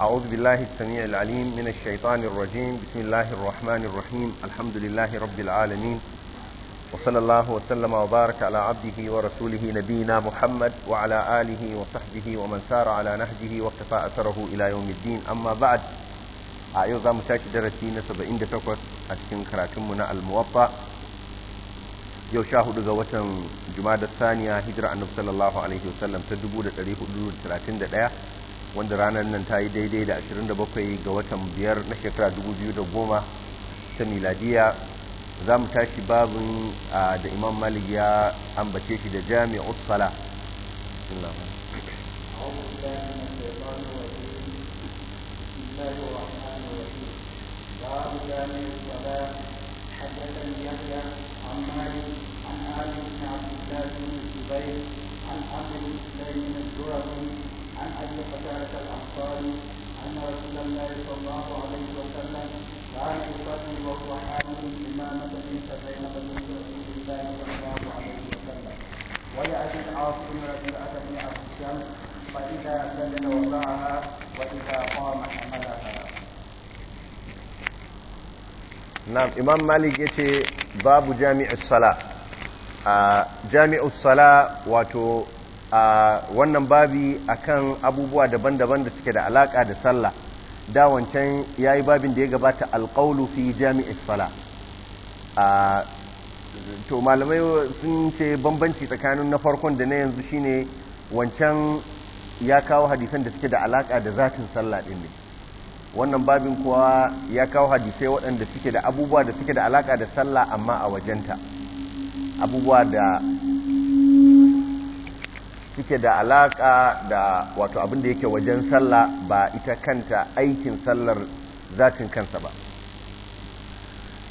أعوذ بالله السميع العليم من الشيطان الرجيم بسم الله الرحمن الرحيم الحمد لله رب العالمين وصلى الله وسلم وبارك على عبده ورسوله نبينا محمد وعلى آله وصحبه ومن سار على نهجه واقتفى أثره إلى يوم الدين أما بعد أعيضا مشاكد درسينا سبعين دتكوس أتكن كراتمنا الموطأ yau sha hudu ga watan jumada saniya hijira annabi sallallahu alaihi wasallam ta 1431 wanda ranar nan ta yi daidai da 27 ga watan biyar na shekara 2010 ta miladiya za mu tashi babin da imam malik ya ambace shi da jami'ar sala حدثني يحيى عن عبد الله بن الزبير عن عبد الله بن الزرقي عن ابي قتاده الانصاري ان رسول الله صلى الله عليه وسلم قال يصلي وهو حامل امامه بنت سبعين بنت رسول الله صلى الله عليه وسلم ولأبي العاصم ربيعة بن عبد الشمس فإذا سلم وضعها وإذا قام حملها نعم إمام مالك يتي باب جامع الصلاة آه، جامع الصلاه واتو a wannan babi akan abubuwa daban-daban da suke da alaka da sallah da wancan yayi babin da ya gabata alqaulu fi jami'is sala a to malamai sun ce bambanci tsakanin na farkon da na yanzu shine wancan ya kawo hadisan da suke da alaka da zatin sallah din ne wannan babin kuwa ya kawo hadisai waɗanda suke da abubuwa da suke da alaka da sallah amma a wajenta abubuwa da suke da alaka da wato abin da yake wajen sallah ba ita kanta aikin sallar zatin kansa ba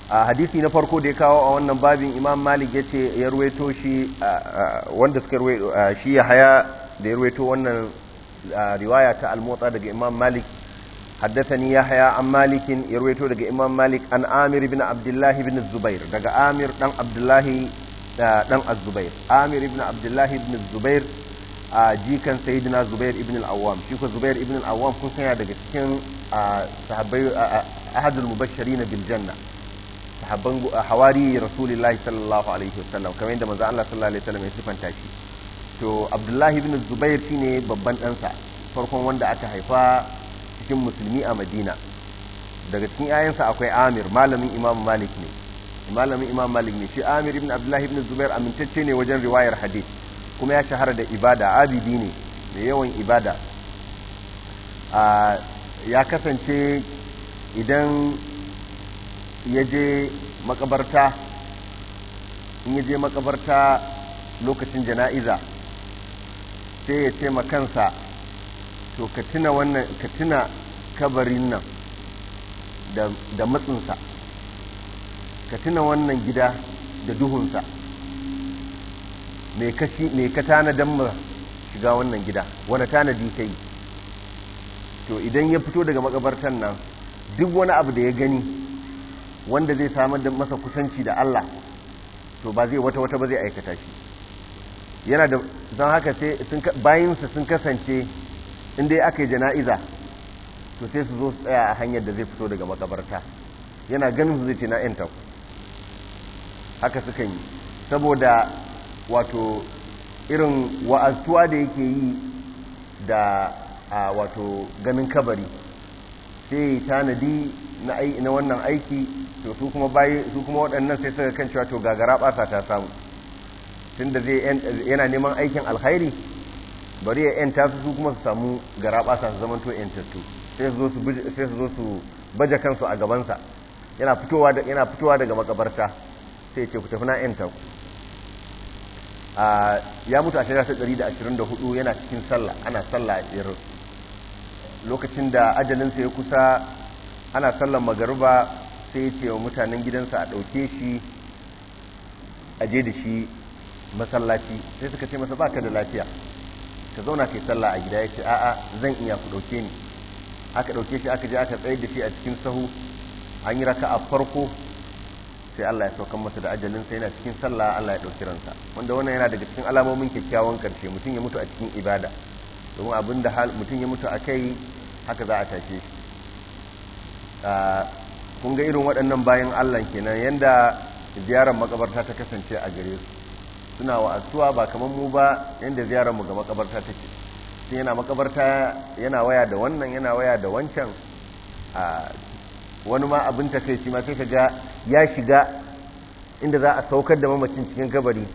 a hadisi na farko da ya kawo a wannan babin imam malik ya ce ya ruweto shi wanda suka shi ya haya da ya ruweto wannan riwaya ta almotsa daga imam malik حدثني ya haya an malikin دغ امام مالك daga عامر بن عبد الله bin الزبير دغ عامر دان عبد dan دان الزبير Amir بن Abdullahi الله Zubair. a jikan sayyidina zubair ibn al-awwam shi ko zubair ibn al-awwam kun sanya daga cikin sahabbai ahadul mubashirin bil janna sahabban hawari rasulullahi sallallahu alaihi wasallam kamar yadda manzo Allah sallallahu alaihi wasallam ya sifanta shi to abdullahi ibn zubair shine babban ɗansa farkon wanda aka haifa cikin musulmi a madina daga cikin yayansa akwai amir malamin imam malik ne malamin imam malik ne shi amir ibn abdullahi ibn zubair amintacce ne wajen riwayar hadith kuma ya shahara da ibada abidi ne da yawan ibada ya kasance idan ya je makabarta in ya je makabarta lokacin jana'iza sai ya ce makansa to ka tuna wannan ka tuna kabarin nan da matsinsa ka tuna wannan gida da duhunsa me ka me ka tanadan ma shiga wannan gida wani tanadi kai to idan ya fito daga makabartan nan duk wani abu da ya gani wanda zai samar da masa kusanci da Allah to ba zai wata wata ba zai aikata shi yana da zan haka sai sun bayinsa sun kasance inda aka yi jana'iza to sai su zo su tsaya a hanyar da zai fito daga makabarta yana ganin su zai ce na 'yan haka sukan yi saboda wato irin wa'aztuwa da yake yi da a wato ganin kabari sai tanadi na wannan aiki to su kuma bayi su kuma waɗannan sai suka kan cewa to gagara ɓasa ta samu tunda zai yana neman aikin alkhairi bari ya yanta su su kuma su samu gara ɓasa su zamanto yantattu sai su zo su baje kansu a gabansa yana fitowa daga makabarta sai ce ku tafi na yanta taku. ya mutu a shekara 124 yana cikin sallah ana sallah a tsirin lokacin da ajalinsa ya kusa ana sallan magaruba sai ya ce wa mutanen gidansa a ɗauke shi a je da shi masallaci sai suka ce masa baka da lafiya ka zauna kai sallah a gida ya ce a'a zan iya ku ɗauke ni aka ɗauke shi aka je aka tsayar da shi a cikin sahu an yi raka a farko sai Allah ya saukan masa da ajalin sai yana cikin sallah Allah ya dauki ransa wanda wannan yana daga cikin alamomin kyakkyawan karshe mutum ya mutu a cikin ibada domin abin da mutum ya mutu akai haka za a tashe shi kun ga irin waɗannan bayan Allah kenan yanda ziyarar makabarta ta kasance a gare su suna wa'azuwa ba kamar mu ba yanda ziyarar mu ga makabarta take shi yana makabarta yana waya da wannan yana waya da wancan wani ma abin takaici ma sai ka ya shiga inda za a saukar da mamacin cikin kabari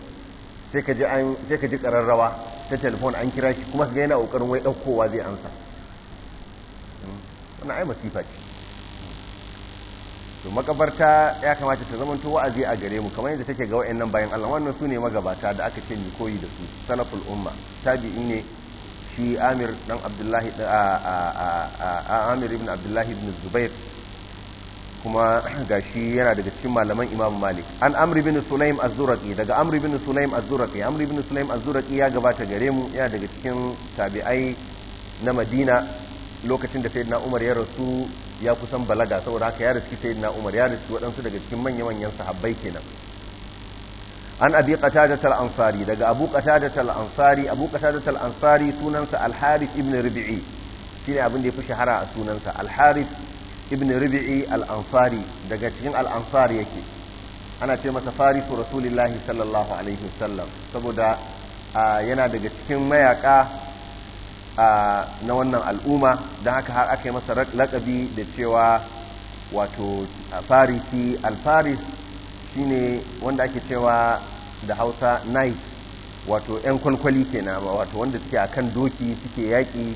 sai ka ji an kararrawa ta telefon an kira shi kuma ga yana kokarin wai daukowa zai amsa wannan ai masifa ce to makabarta ya kamata ta zama wa'azi a gare mu kamar yadda take ga wa'annan bayan Allah wannan ne magabata da aka ce ni koyi da su salaful umma tabi'i ne shi Amir dan Abdullahi a Amir ibn Abdullahi ibn Zubair kuma gashi yana daga cikin malaman Imam Malik an Amri bin Sulaim az-Zurqi daga Amri bin Sulaim az-Zurqi Amri bin Sulaim az-Zurqi ya gabata gare mu yana daga cikin tabi'ai na Madina lokacin da Sayyidina Umar ya rasu ya kusan balaga saboda haka ya riski Sayyidina Umar ya riski waɗansu daga cikin manya-manyan sahabbai kenan an abi Qatada al-ansari daga abu Qatada al-ansari abu Qatada al-ansari sunansa al-harith ibn rabi'i shine abin da ya fi shahara a sunansa al-harith ibn rubi'i al-ansari daga cikin al ansari yake ana ce masa farisu rasulillahi sallallahu alaihi wasallam saboda yana daga cikin mayaka na wannan al'umma don haka har aka yi masa laƙabi da cewa wato farisi al-faris shine wanda ake cewa da hausa knight wato 'yan kwalkwali kenan wato wanda suke akan doki suke yaƙi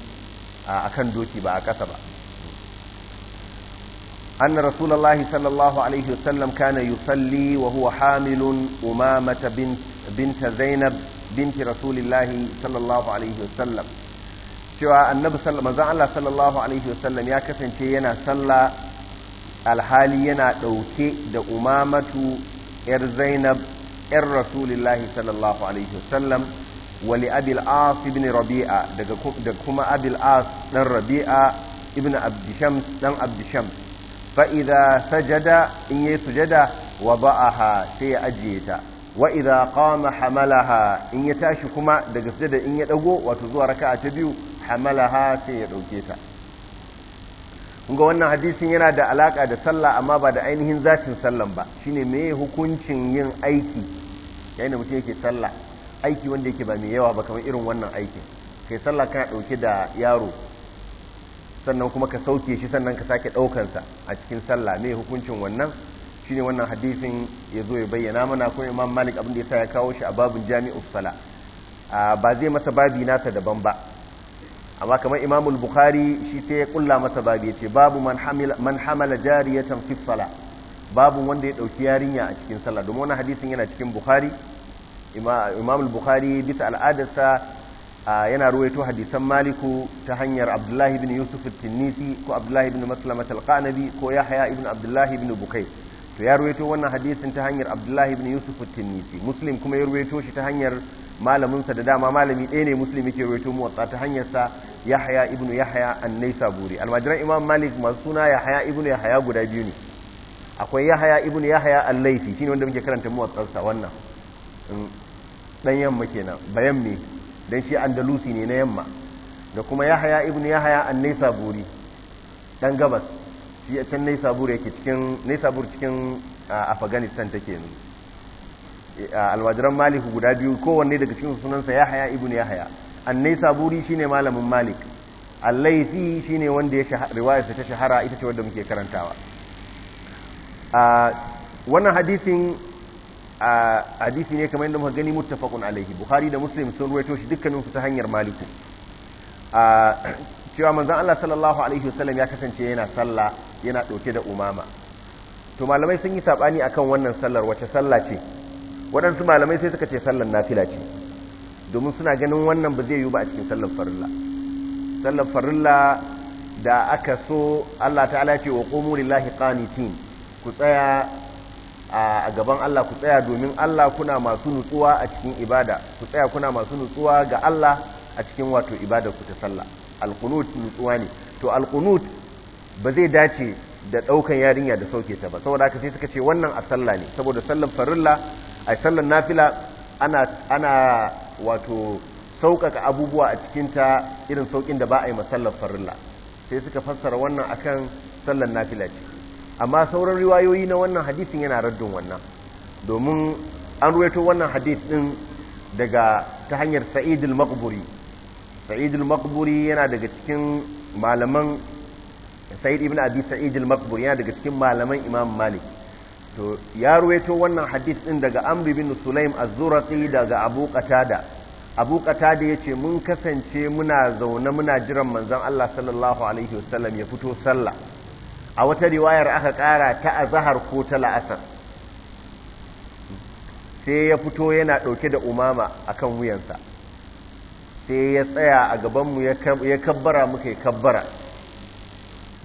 akan doki ba a ƙasa ba أن رسول الله صلى الله عليه وسلم كان يصلي وهو حامل أمامة بنت, بنت زينب بنت رسول الله صلى الله عليه وسلم cewa annabi ya kasance yana sallah alhali yana ɗauke da umamatu ‘yar zainab ‘yar rasulillahi sallallahu alaihi wasallam wali abil as rabi'a daga kuma abil as ɗan rabi'a ibn abdishams ɗan abdishams fa'iza sajada in yi sujada wa ba'aha sai ya ajiye ta wa iza in ya tashi kuma daga sujada in ya dago wato zuwa raka'a ta biyu hamalaha sai ya dauke ta wannan hadisin yana da alaka da sallah amma ba da ainihin zacin sallan ba shine meye hukuncin yin aiki yayin da mutum yake sallah aiki wanda yake ba mai yawa ba kamar irin wannan aikin kai sallah kana dauke da yaro sannan kuma ka sauke shi sannan ka sake ɗaukansa a cikin sallah ne hukuncin wannan shi ne wannan hadisin ya zo ya bayyana mana kuma imam malik abinda da ya sa ya kawo shi a babin jami'ul sala ba zai masa babi nasa daban ba amma kamar imam al-bukhari shi sai ya kulla masa babi ya ce babu man hamala jariyatan fi sala babu wanda ya dauki yarinya a cikin sallah domin wannan hadisin yana cikin bukhari imam bukhari bisa al'adarsa yana ruwaito hadisan maliku ta hanyar abdullahi bin yusuf tinnisi ko abdullahi bin maslamat Qanabi ko haya ibn abdullahi bin bukai to ya ruwaito wannan hadisin ta hanyar abdullahi bin yusuf tinnisi muslim kuma ya ruwaito shi ta hanyar malaminsa da dama malami ɗaya ne muslim yake ruwaito muwatta ta hanyar sa haya ibn haya an buri almajiran imam malik masu suna Yahaya ibn haya guda biyu ne akwai haya ibn Yahaya haya laifi shine wanda muke karanta muwatta sa wannan dan yamma kenan bayan me don shi andalusi ne na yamma da kuma yahaya ibn yahaya an buri dan gabas shi a can naisa buri yake cikin naisa cikin afghanistan take ne alwajiran malik guda biyu kowanne daga cikin sunansa yahaya ibn yahaya an buri shine malamin malik allaifi shine wanda ya riwayarsa ta shahara ita ce wadda muke karantawa wannan hadisin a hadisi ne kamar yadda muka gani muttafaqun alaihi bukhari da muslim sun ruwaito shi dukkanin su ta hanyar maliku a cewa manzon Allah sallallahu alaihi wasallam ya kasance yana sallah yana dauke da umama to malamai sun yi sabani akan wannan sallar wace sallah ce waɗansu malamai sai suka ce sallar nafila ce domin suna ganin wannan ba zai yi ba a cikin sallar farilla sallar farilla da aka so Allah ta'ala ce wa qumu lillahi qanitin ku tsaya a gaban Allah ku tsaya domin Allah kuna masu nutsuwa a cikin ibada ku tsaya kuna masu nutsuwa ga Allah a cikin wato ibada ku ta sallah alqunut nutsuwa ne to alqunut ba zai dace da daukan yarinya da sauke ta ba saboda haka sai suka ce wannan a sallah ne saboda sallan farilla a sallan nafila ana ana wato sauƙaƙa abubuwa a cikin ta irin saukin da ba a yi masallar farilla sai suka fassara wannan akan sallan nafila ce amma sauran riwayoyi na wannan hadisin yana raddin wannan domin an ruwaito wannan hadis din daga ta hanyar sa'id al-maqburi sa'id al-maqburi yana daga cikin malaman sa'id ibn abi sa'id al-maqburi yana daga cikin malaman imam malik to ya ruwaito wannan hadis din daga amr ibn sulaim az-zurqi daga abu qatada abu qatada yace mun kasance muna zaune muna jiran manzon Allah sallallahu alaihi wasallam ya fito sallah a wata riwayar aka ƙara ta azahar ko ta la'asar sai ya fito yana ɗauke da umama akan wuyansa sai ya tsaya a gabanmu ya kabbara muka yi kabbara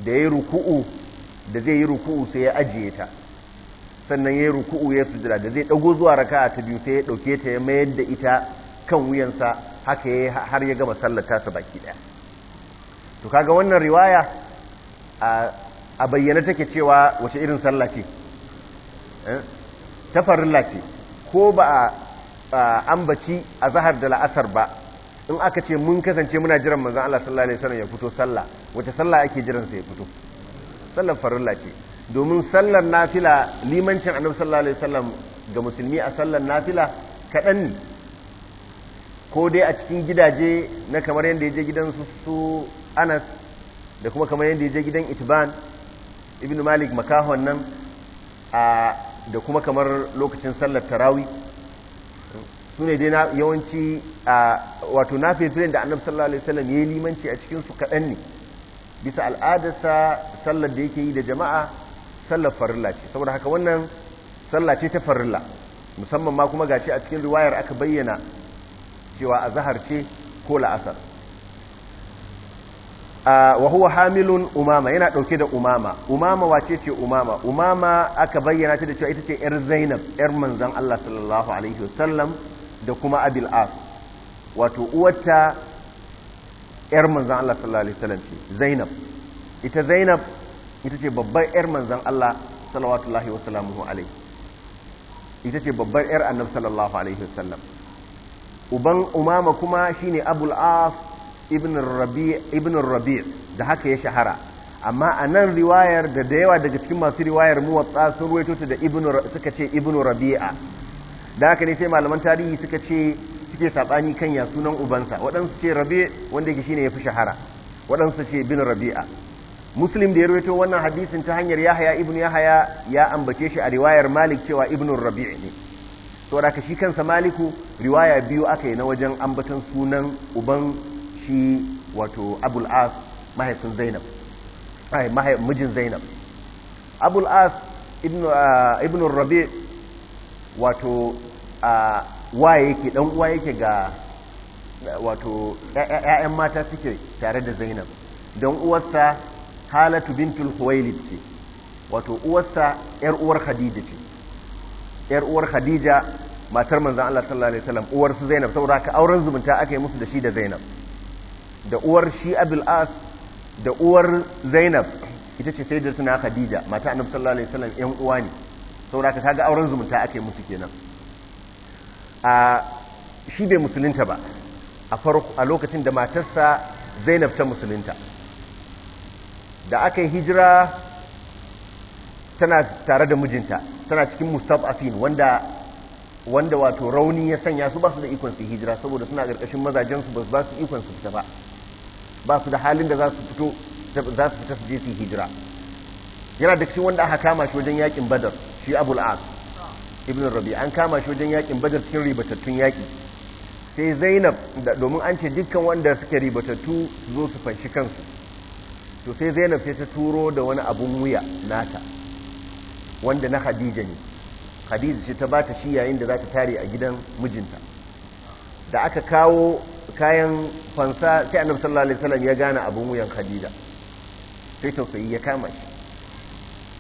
da ya ruku'u da zai yi ruku'u sai ya ajiye ta sannan ya yi ruku'u ya sujira da zai ɗago zuwa raka'a ta biyu sai ya ɗauke ta ya mayar da ita kan wuyansa haka ya har ya gama sallata sa baki ɗaya to kaga wannan riwaya a a bayyana take cewa wace irin sallah ce eh? ta farilla ce ko ba a ambaci a zahar da la'asar ba in aka ce mun kasance muna jiran manzan Allah sallah ne sanar ya fito sallah wace sallah ake jiran sa ya fito sallar farilla ce domin sallar nafila limancin annabi sallah alaihi wasallam ga musulmi a sallar nafila kaɗan ne ko dai a cikin gidaje na kamar yadda ya je gidan su Anas da kuma kamar yadda ya je gidan Itban ibn malik makahon nan da kuma kamar lokacin sallar tarawi su ne dai yawanci wato na filfilin da annab sallallahu alaihi wasallam ya yi limanci a cikinsu kaɗan ne bisa al'adarsa sallar da yake yi da jama'a sallar farilla ce saboda haka wannan sallar ce ta farilla musamman ma kuma gashi a cikin riwayar aka bayyana cewa a zahar ce ko la'asar wa huwa hamilun umama yana dauke da umama umama wace ce umama umama aka bayyana ta da cewa ita ce yar zainab yar manzon Allah sallallahu alaihi wasallam da kuma abil as wato uwarta yar manzon Allah sallallahu alaihi wasallam ce zainab ita zainab ita ce babbar yar manzon Allah sallallahu alaihi ita ce babbar yar annabi sallallahu alaihi wasallam uban umama kuma shine abul as ibn rabi' da haka ya shahara amma a nan riwayar da da yawa daga cikin masu riwayar muwatsa sun ruwaito ta da suka ce ibn rabi'a da haka ne sai malaman tarihi suka ce suke sabani kan ya sunan ubansa waɗansu ce rabi' wanda yake shine ya fi shahara waɗansu ce ibn rabi'a muslim da ya ruwaito wannan hadisin ta hanyar yahaya ibn yahaya ya ambace shi a riwayar malik cewa ibn rabi' ne saboda ka shi kansa maliku riwaya biyu aka yi na wajen ambatan sunan uban shi wato abul as mahaifin zainab Mahaifin mijin zainab abul as ibn uh, rabi wato uh, waye yake dan uwa yake ga wato ƴaƴan mata suke tare da zainab don uwarsa halatu bintul huwailid ce wato uwarsa ƴar uwar khadija ce ƴar uwar khadija matar manzan Allah sallallahu alaihi wasallam uwar su zainab saboda ka auren zumunta aka yi musu da shi da zainab da uwar shi abul as da uwar zainab ita ce sai da suna khadija mata annabta sallallahu alaihi yan uwa ne saboda ka kaga auren zumunta ake musu kenan a shi bai musulunta ba a farko a lokacin da matarsa zainab ta musulunta da aka yi hijira tana tare da mijinta tana cikin mustafafin wanda wanda wato rauni ya sanya su ba su da ikon su hijira saboda suna ƙarƙashin mazajensu basu su ba su ikon su fita ba ba su da halin da za su fito za su fita su je su hijira yana da cikin wanda aka kama shi wajen yakin badar shi abul as ibn rabi an kama shi wajen yakin badar cikin ribatattun yaki sai zainab domin an ce dukkan wanda suke ribatattu su zo su fanshi kansu to sai zainab sai ta turo da wani abun wuya nata wanda na khadija ne khadija ce ta bata shi yayin da za ta tare a gidan mijinta da aka kawo kayan fansa sai annabi sallallahu alaihi wasallam ya gane abun wuyan khadija sai tausayi ya kama shi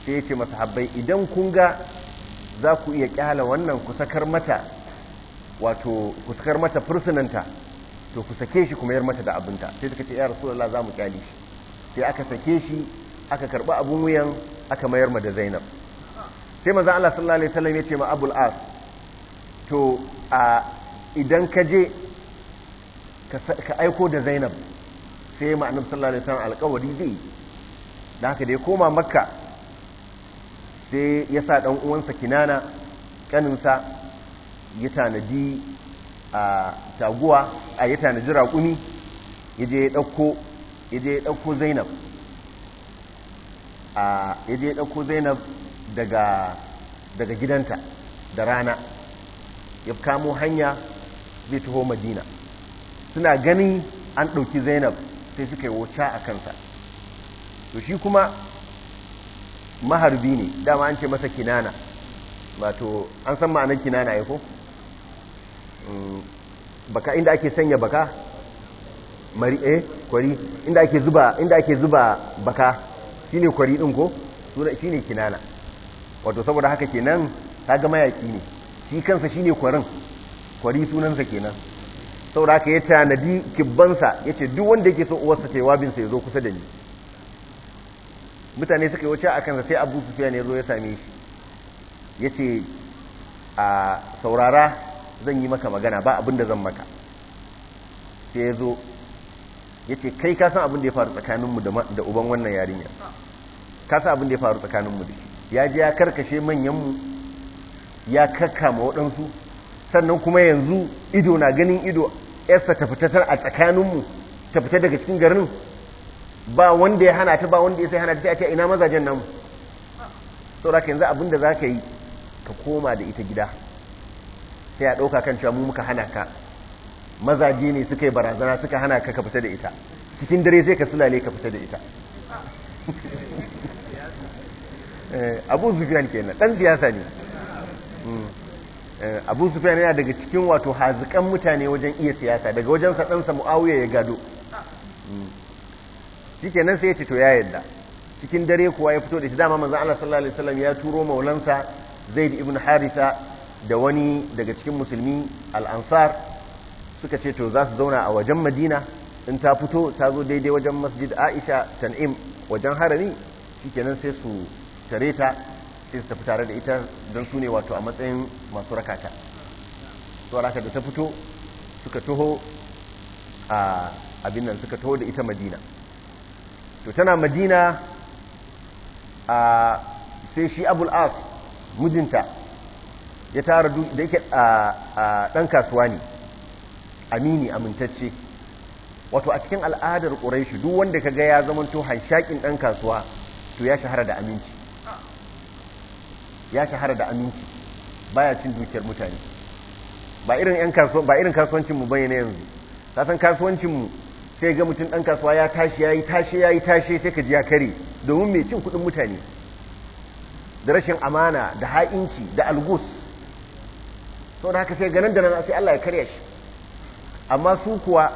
sai ya ce masahabbai idan kun ga za ku iya kyala wannan ku sakar mata wato ku sakar mata fursunanta to ku sake shi kuma yar mata da abinta sai suka ce ya rasulullah za mu kyale shi sai aka sake shi aka karba abun wuyan aka mayar ma da zainab sai manzo Allah sallallahu alaihi wasallam ya ce ma abul as to a idan ka je ka aiko da zainab sai ma annabi sallallahu alaihi wasallam alƙawari zai da haka da ya koma makka sai ya sa dan uwansa kinana ƙaninsa ya tanadi a taguwa a ya tanadi raƙumi ya je ya ɗauko ya ɗauko zainab ya ya ɗauko zainab daga daga gidanta da rana ya kamo hanya zai taho madina suna ganin an ɗauki zainab sai suka yi wuce a kansa to shi kuma maharbi ne dama an ce masa kinana wato an san ma'anar kinana ya ko mm, baka inda ake sanya baka mari eh kwari inda ake zuba inda ake zuba baka shine kwari din ko shine kinana wato saboda haka kenan kaga mayaki ne shi kansa shine kwarin kwari sunansa kenan saboda haka ya tanadi kibbansa ya ce duk wanda yake so uwarsa ce wabinsa ya zo kusa da ni mutane suka yi wuce a kansa sai abu sufiya ne zo ya same shi ya ce a saurara zan yi maka magana ba abin da zan maka sai ya zo ya ce kai kasan abin da ya faru tsakaninmu da uban wannan yarinya kasan abin da ya faru tsakaninmu da shi ya ji ya karkashe manyanmu ya kakkama waɗansu sannan kuma yanzu ido na ganin ido yasa ta fita a tsakaninmu ta fita daga cikin garin ba wanda ya hana ta ba wanda ya sai hana ta sai a ce ina mazajen namu sauraka yanzu abinda za ka yi ka koma da ita gida sai a ɗauka kan cewa mu muka hana ka mazaje ne suka yi barazana suka hana ka ka fita da ita cikin dare sai ka sulale ka fita da ita eh, abu zufiyan kenan dan siyasa ne hmm. Eh, abu sufyan yana daga cikin wato hazikan mutane wajen iya siyasa daga wajen sadansa muawiya ya gado hmm. nan sai ya ce to ya yadda cikin dare kuwa ya fito da shi dama maza Allah sallallahu alaihi ya turo maulansa Zaid ibn Harisa da wani daga cikin musulmi al-Ansar suka ce to za su zauna a wajen Madina in ta fito ta zo daidai wajen Masjid Aisha Tan'im wajen harami nan sai su tare ta sai su tafi tare da ita don su ne wato a matsayin masu rakata tsoraka da ta fito suka taho a abin nan suka taho da ita madina to tana madina a sai shi abul as mijinta ya tara da yake a ɗan kasuwa ne amini amintacce wato a cikin al'adar shi duk wanda ka ga ya zamanto hanshakin ɗan kasuwa to ya shahara da aminci ya shahara da aminci baya cin dukiyar mutane ba irin yan kasuwa ba irin kasuwancin mu bane yanzu ka san kasuwancin mu sai ga mutum dan kasuwa ya tashi yayi tashi yayi tashi sai ka ji ya kare domin mai cin kudin mutane da rashin amana da ha'inci da algus sau da haka sai ganin da nan sai Allah ya karya shi amma su kuwa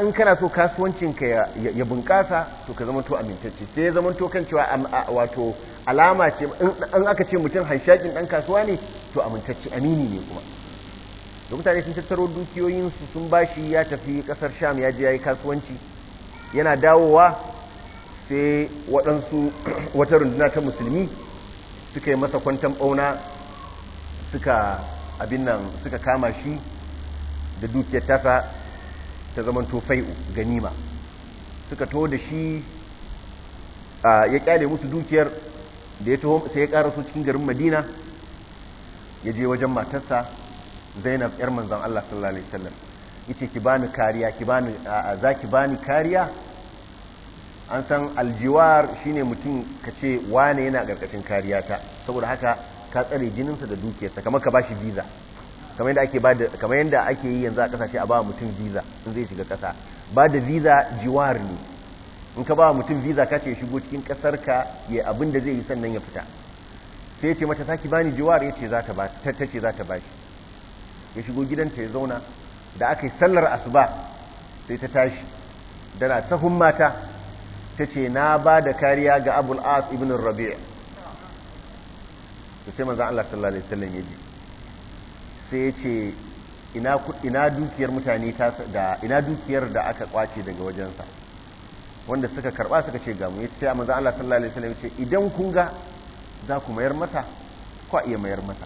in kana so kasuwancin ka ya bunƙasa to ka zama to amintacce sai ya zama to kan cewa wato alama ce in aka ce mutum hanshakin ɗan kasuwa ne to amintacci amini ne kuma da mutane sun tattaro dukiyoyinsu sun bashi ya tafi kasar sham ya ji ya yi kasuwanci yana dawowa sai waɗansu wata runduna ta musulmi suka yi masa kwantan ɓauna suka abin nan suka kama shi da dukiyar tasa ta zaman tofai ganima suka to da shi ya kyale musu dukiyar da ya taho sai ya karaso cikin garin madina ya je wajen matarsa zainab yar manzan Allah sallallahu alaihi wasallam ce ki bani kariya ki bani za ki bani kariya an san aljiwar shine mutum kace wane yana karkashin kariya ta saboda haka ka tsare jininsa da dukiyarsa kamar ka ba visa kamar yadda ake kamar yadda ake yi yanzu a kasashe a ba mutum visa in zai shiga kasa ba da visa jiwar ne in ka ba mutum visa ka ce shigo cikin kasar ka ya abin da zai yi sannan ya fita sai ya ce mata saki bani jiwar ya ce za ta ba ta ce za ta ba shi ya shigo gidanta ya zauna da aka yi sallar asuba sai ta tashi dana sahun mata ta ce na ba da kariya ga abul as ibn rabi'a to sai manzon Allah sallallahu alaihi wasallam ya ji sai ya ce ina dukiyar mutane ta da ina dukiyar da aka kwace daga wajensa wanda suka karba suka ce gamu yace sai manzo Allah sallallahu alaihi wasallam yace idan kun ga za ku mayar masa ko iya mayar masa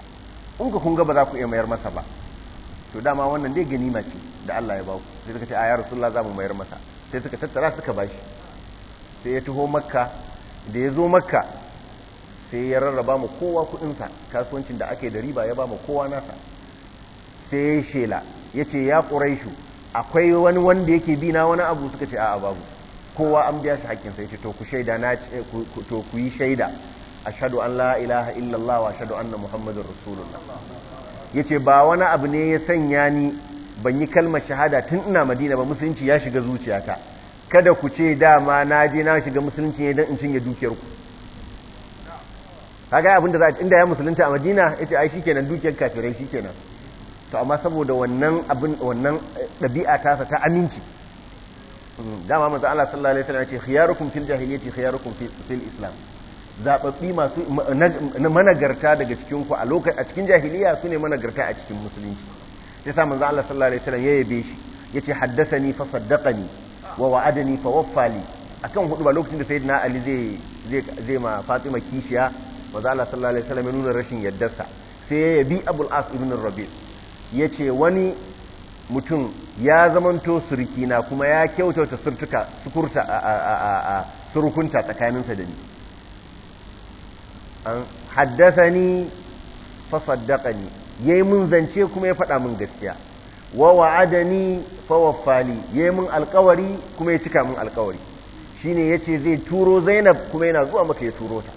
in ka kun ga ba za ku iya mayar masa ba to dama wannan dai ganima ce da Allah ya ba ku sai suka ce a ya rasulullah za mu mayar masa sai suka tattara suka bashi sai ya tuho makka da ya zo makka sai ya rarraba mu kowa sa kasuwancin da ake da riba ya ba mu kowa nasa sai ya shela ya ce ya ƙuraishu akwai wani wanda yake bi na wani abu suka ce a'a babu kowa an biya shi haƙƙin sai ce to ku shaida na to ku yi shaida ashhadu an la ilaha illallah wa ashhadu anna muhammadar rasulullah yace ba wani abu ne ya sanya ni ban yi kalmar shahada tun ina madina ba musulunci ya shiga zuciyata kada ku ce dama na je na shiga musulunci ne don in cinye dukiyar ku kaga abinda za a inda ya musulunta a madina yace ai shikenan dukiyar kafirai shikenan to amma saboda wannan abin wannan eh, ta sa ta aminci dama manzo Allah sallallahu alaihi wasallam ya ce khiyarukum fil jahiliyyati khiyarukum fil islam zababbi masu managarta daga cikin ku a lokacin a cikin jahiliya sune managarta a cikin musulunci sai sa manzo Allah sallallahu alaihi wasallam yayyabe shi yace haddathani fa saddaqani wa wa'adani fa waffali akan hudu ba lokacin da sayyidina Ali zai zai zai ma Fatima kishiya manzo Allah sallallahu alaihi wasallam ya nuna rashin yaddarsa sai yayyabi Abul As ibn Rabi' yace wani mutum ya zamanto surkina kuma ya kyautata surtuka sukurta a surukunta tsakaninsa da ni an haddasa ni fa ni ya mun zance kuma ya faɗa mun gaskiya wa wa'ada ni fa waffali ya yi mun alkawari kuma ya cika mun alkawari shine ya ce zai turo zainab kuma yana zuwa maka ya turo ta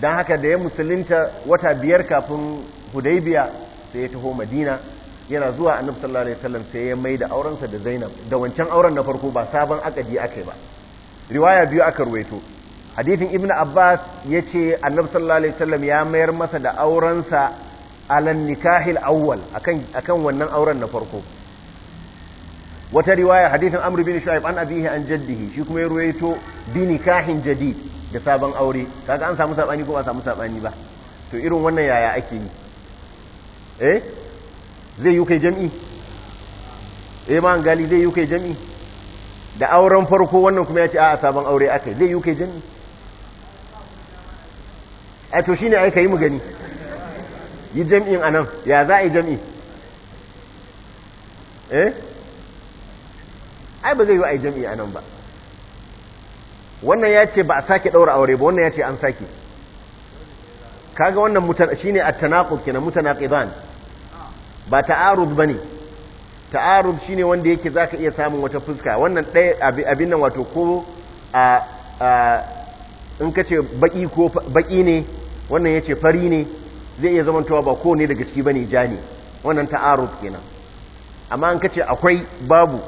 don haka da ya musulunta wata biyar kafin hudaibiya sai ya taho madina yana zuwa annabi sallallahu alaihi wasallam sai ya da aurensa da Zainab da wancan auren na farko ba sabon akadi ake ba riwaya biyu aka ruwaito hadithin ibn abbas ya ce annabi sallallahu alaihi wasallam ya mayar masa da aurensa alan nikahil awwal akan wannan auren na farko wata riwaya hadithin amr bin shu'aib an abihi an jaddihi shi kuma ya ruwaito bi nikahin jadid da sabon aure kaga an samu sabani ko ba samu sabani ba to irin wannan yaya ake yi eh zai yi kai jam'i E ma gali zai yi kai jam'i da auren farko wannan kuma ya ce a sabon aure aka zai yi kai jam'i a to ne aika kai mu gani yi a anan ya za a yi jam'i eh ai ba zai yi wa ai jam'i anan ba wannan ya ce ba a sake ɗaura aure ba wannan ya ce an sake kaga wannan shine at-tanaqud kenan mutanaqidan ba ta'arud bane ta'arud shine wanda yake zaka iya samun wata fuska wannan ɗaya abin nan wato ko a in ka ce baki ko baki ne wannan yace fari ne zai iya zamantawa ba ko ne daga ciki bane ja ne wannan ta'arud kenan amma in ka ce akwai babu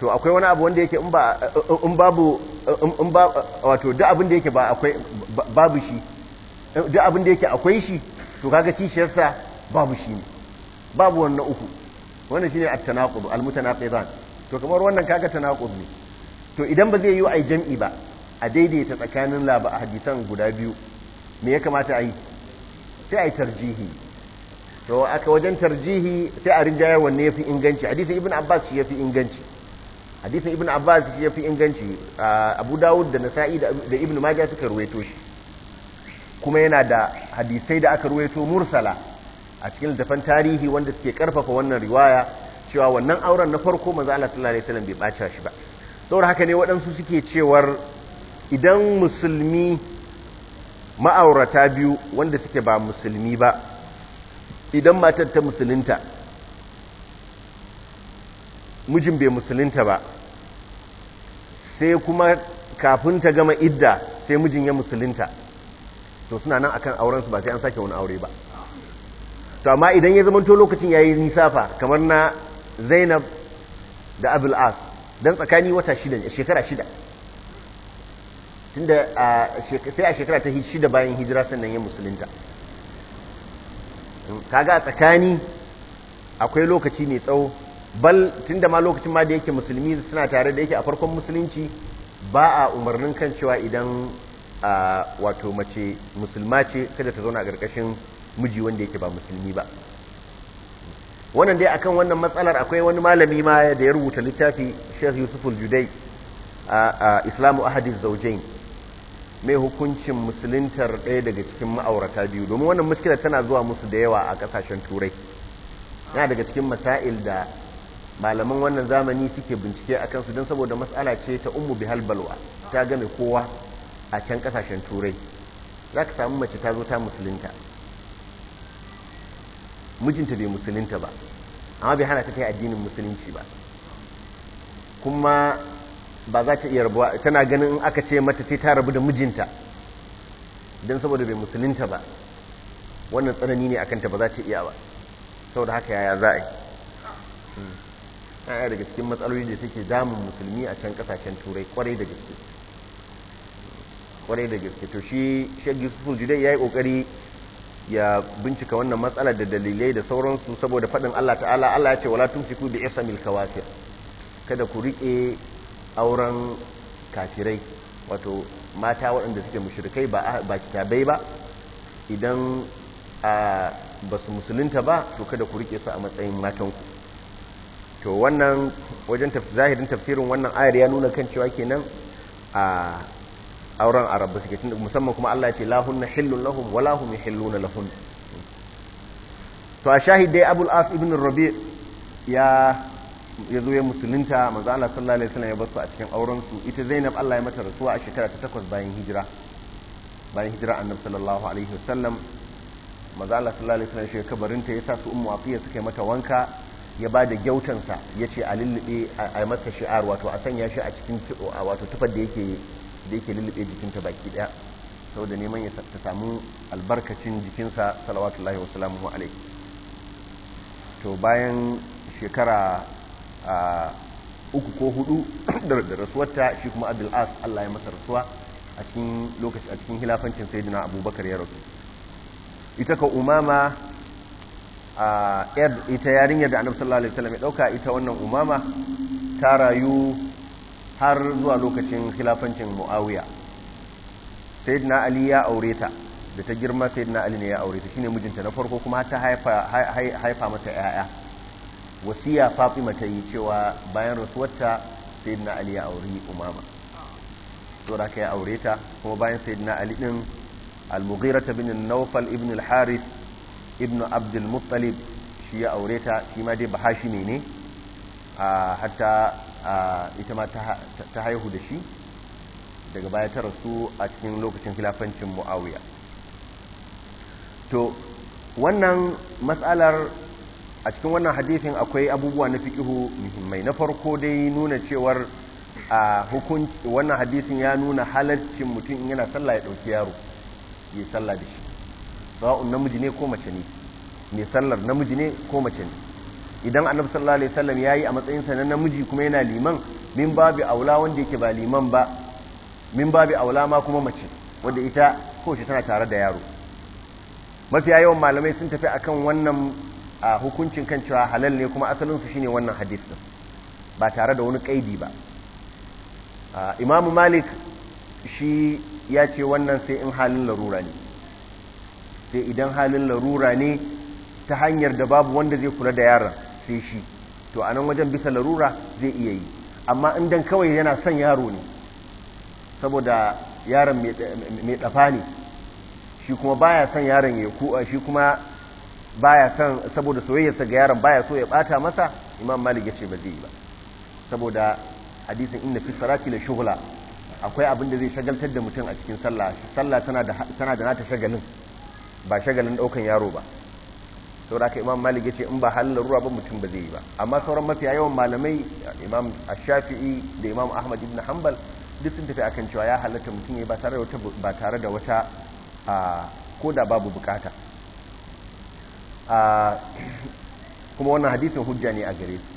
to akwai wani abu wanda yake in ba in babu in ba wato duk abin da yake ba akwai babu shi duk abin da yake akwai shi to kaga kishiyarsa babu shi ne babu wannan uku wannan shine at-tanaqud al-mutanaqidan to kamar wannan kaga tanaqud ne to idan ba zai yi ai jam'i ba a daidaita tsakanin laba hadisan guda biyu me ya kamata ai sai ai tarjihi to aka wajen tarjihi sai a rinjayar wanne yafi inganci hadisi ibn abbas shi yafi inganci hadisi ibn abbas shi yafi inganci abu dawud da nasa'i da ibn majah suka ruwaito shi kuma yana da hadisai da aka ruwaito mursala a cikin littafan tarihi wanda suke karfafa wannan riwaya cewa wannan auren na farko maza Allah sallallahu alaihi wasallam bai bacha shi ba saboda haka ne waɗansu suke cewar idan musulmi ma'aurata biyu wanda suke ba musulmi ba idan matar ta musulunta mijin bai musulunta ba sai kuma kafin ta gama idda sai mijin ya musulunta to suna nan akan su ba sai an sake wani aure ba to amma idan ya zamanto lokacin yayi nisafa kamar na Zainab da Abul As dan tsakani wata shida shekara shida tunda sai a shekara ta shida bayan hijira sannan ya musulunta hmm, kaga tsakani akwai lokaci mai tsawo bal tunda ma lokacin ma da yake musulmi suna tare da yake a farkon musulunci ba a umarnin kan cewa idan wato mace musulma ce kada ta zauna a ƙarƙashin miji wanda yake ba musulmi ba wannan dai akan wannan matsalar akwai wani malami ma da ya rubuta littafi Sheikh Yusuf al-Judai a Islamu Ahadith Zawjain mai hukuncin musuluntar ɗaya daga cikin ma'aurata biyu domin wannan muskilar tana zuwa musu da yawa a kasashen turai yana daga cikin masail da malaman wannan zamani suke bincike a kansu don saboda matsala ce ta ummu bihal balwa ta game kowa a can ƙasashen turai za ka samu mace ta zo ta musulunta mijinta bai musulunta ba amma bai hana ta kai addinin musulunci ba kuma ba za ta iya rabuwa tana ganin aka ce mata sai ta rabu da mijinta don saboda bai musulunta ba wannan tsanani ne akanta ba za ta iya ba saboda haka yaya za a yi hmm. yaya daga cikin matsaloli da take damun musulmi a can kasashen turai kwarai da gaske kwarai da gaske to shi shaggi su judai ya yi kokari ya bincika wannan matsalar da dalilai da sauransu saboda faɗin Allah ta'ala Allah ya ce wala tumsiku bi isamil kawafir kada ku rike auren kafirai wato mata waɗanda suke mushrikai ba ba kitabai ba idan a ba su musulunta ba to kada ku rike su a matsayin matanku to wannan wajen zahirin tafsirin wannan ayar ya nuna kan cewa kenan a auren arabu suke tunda musamman kuma Allah ya ce lahunna hillun lahum wala hum yahilluna lahun to a shahid dai Abul As ibn Rabi ya ya zo ya musulunta manzo Allah sallallahu alaihi wasallam ya bar su a cikin auren su ita Zainab Allah ya mata rasuwa a shekara ta 8 bayan hijira bayan hijira annabi sallallahu alaihi wasallam manzo Allah sallallahu alaihi wasallam shi kabarinta yasa su ummu afiya suke mata wanka ya ba da gyautansa ya ce a lullube a masa shi'ar wato a sanya shi a cikin wato tufar da yake da yake lullube jikinta baki daya saboda neman ya ta samu albarkacin jikinsa salawatullahi wa salamuhu to bayan shekara uku ko hudu da rasuwarta shi kuma abdul as Allah ya masa rasuwa a cikin lokaci a cikin hilafancin sayyidina abubakar ya rasu ita ka umama a ita yarinyar da annabi sallallahu alaihi wasallam ya dauka ita wannan umama ta rayu har zuwa lokacin khilafancin muawiya sayyidina ali ya aure ta da ta girma sayyidina ali ne ya aure ta shine mijinta na farko kuma ta haifa mata yaya wasiya fatima ta yi cewa bayan rasuwarta sayyidina ali ya aure umama to da kai aure ta kuma bayan sayyidina ali din al-mughira bin nawfal ibn al-harith ibn abd al-muttalib shi ya aure ta shi ma dai bahashi ne ne hatta ita ma ta haihu da shi daga baya ta rasu a cikin lokacin filafancin muawiya to wannan matsalar a cikin wannan hadithin akwai abubuwa na fikihu muhimmai na farko dai nuna cewar a hukunci wannan hadisin ya nuna halaccin mutum in yana sallah ya ɗauki yaro yi sallah da shi sawa'un namiji ne ko mace ne mai sallar namiji ne ko mace ne idan annabi sallallahu alaihi wasallam yayi a matsayin sa na namiji kuma yana liman min babu aula wanda yake ba liman ba min babu aula ma kuma mace wanda ita ko shi tana tare da yaro mafiya yawan malamai sun tafi akan wannan hukuncin kan cewa halal ne kuma asalin su shine wannan hadith din ba tare da wani kaidi ba imamu malik shi ya ce wannan sai in halin larura ne sai idan halin larura ne ta hanyar da babu wanda zai kula da yaron sai shi to a nan wajen bisa larura zai iya yi amma in dan kawai yana son yaro ne saboda yaron mai dafa ne shi kuma baya son yaron ya kuwa shi kuma baya son saboda soyayyarsa ga yaron baya so ya bata masa imam malik ya ce ba zai yi ba saboda hadisin inna fi saraki la shughla akwai abin da zai shagaltar da mutum a cikin sallah sallah tana da tana da nata shagalin ba shagalin daukan yaro ba saboda haka imam malik yace in ba halin ruwa ba mutum ba zai yi ba amma sauran mafiya yawan malamai imam ash-shafi'i da imam ahmad ibn hanbal duk sun tafi akan cewa ya halatta mutum ya ba tare da wata ba tare da wata ko da babu bukata kuma wannan hadisin hujja ne a gare su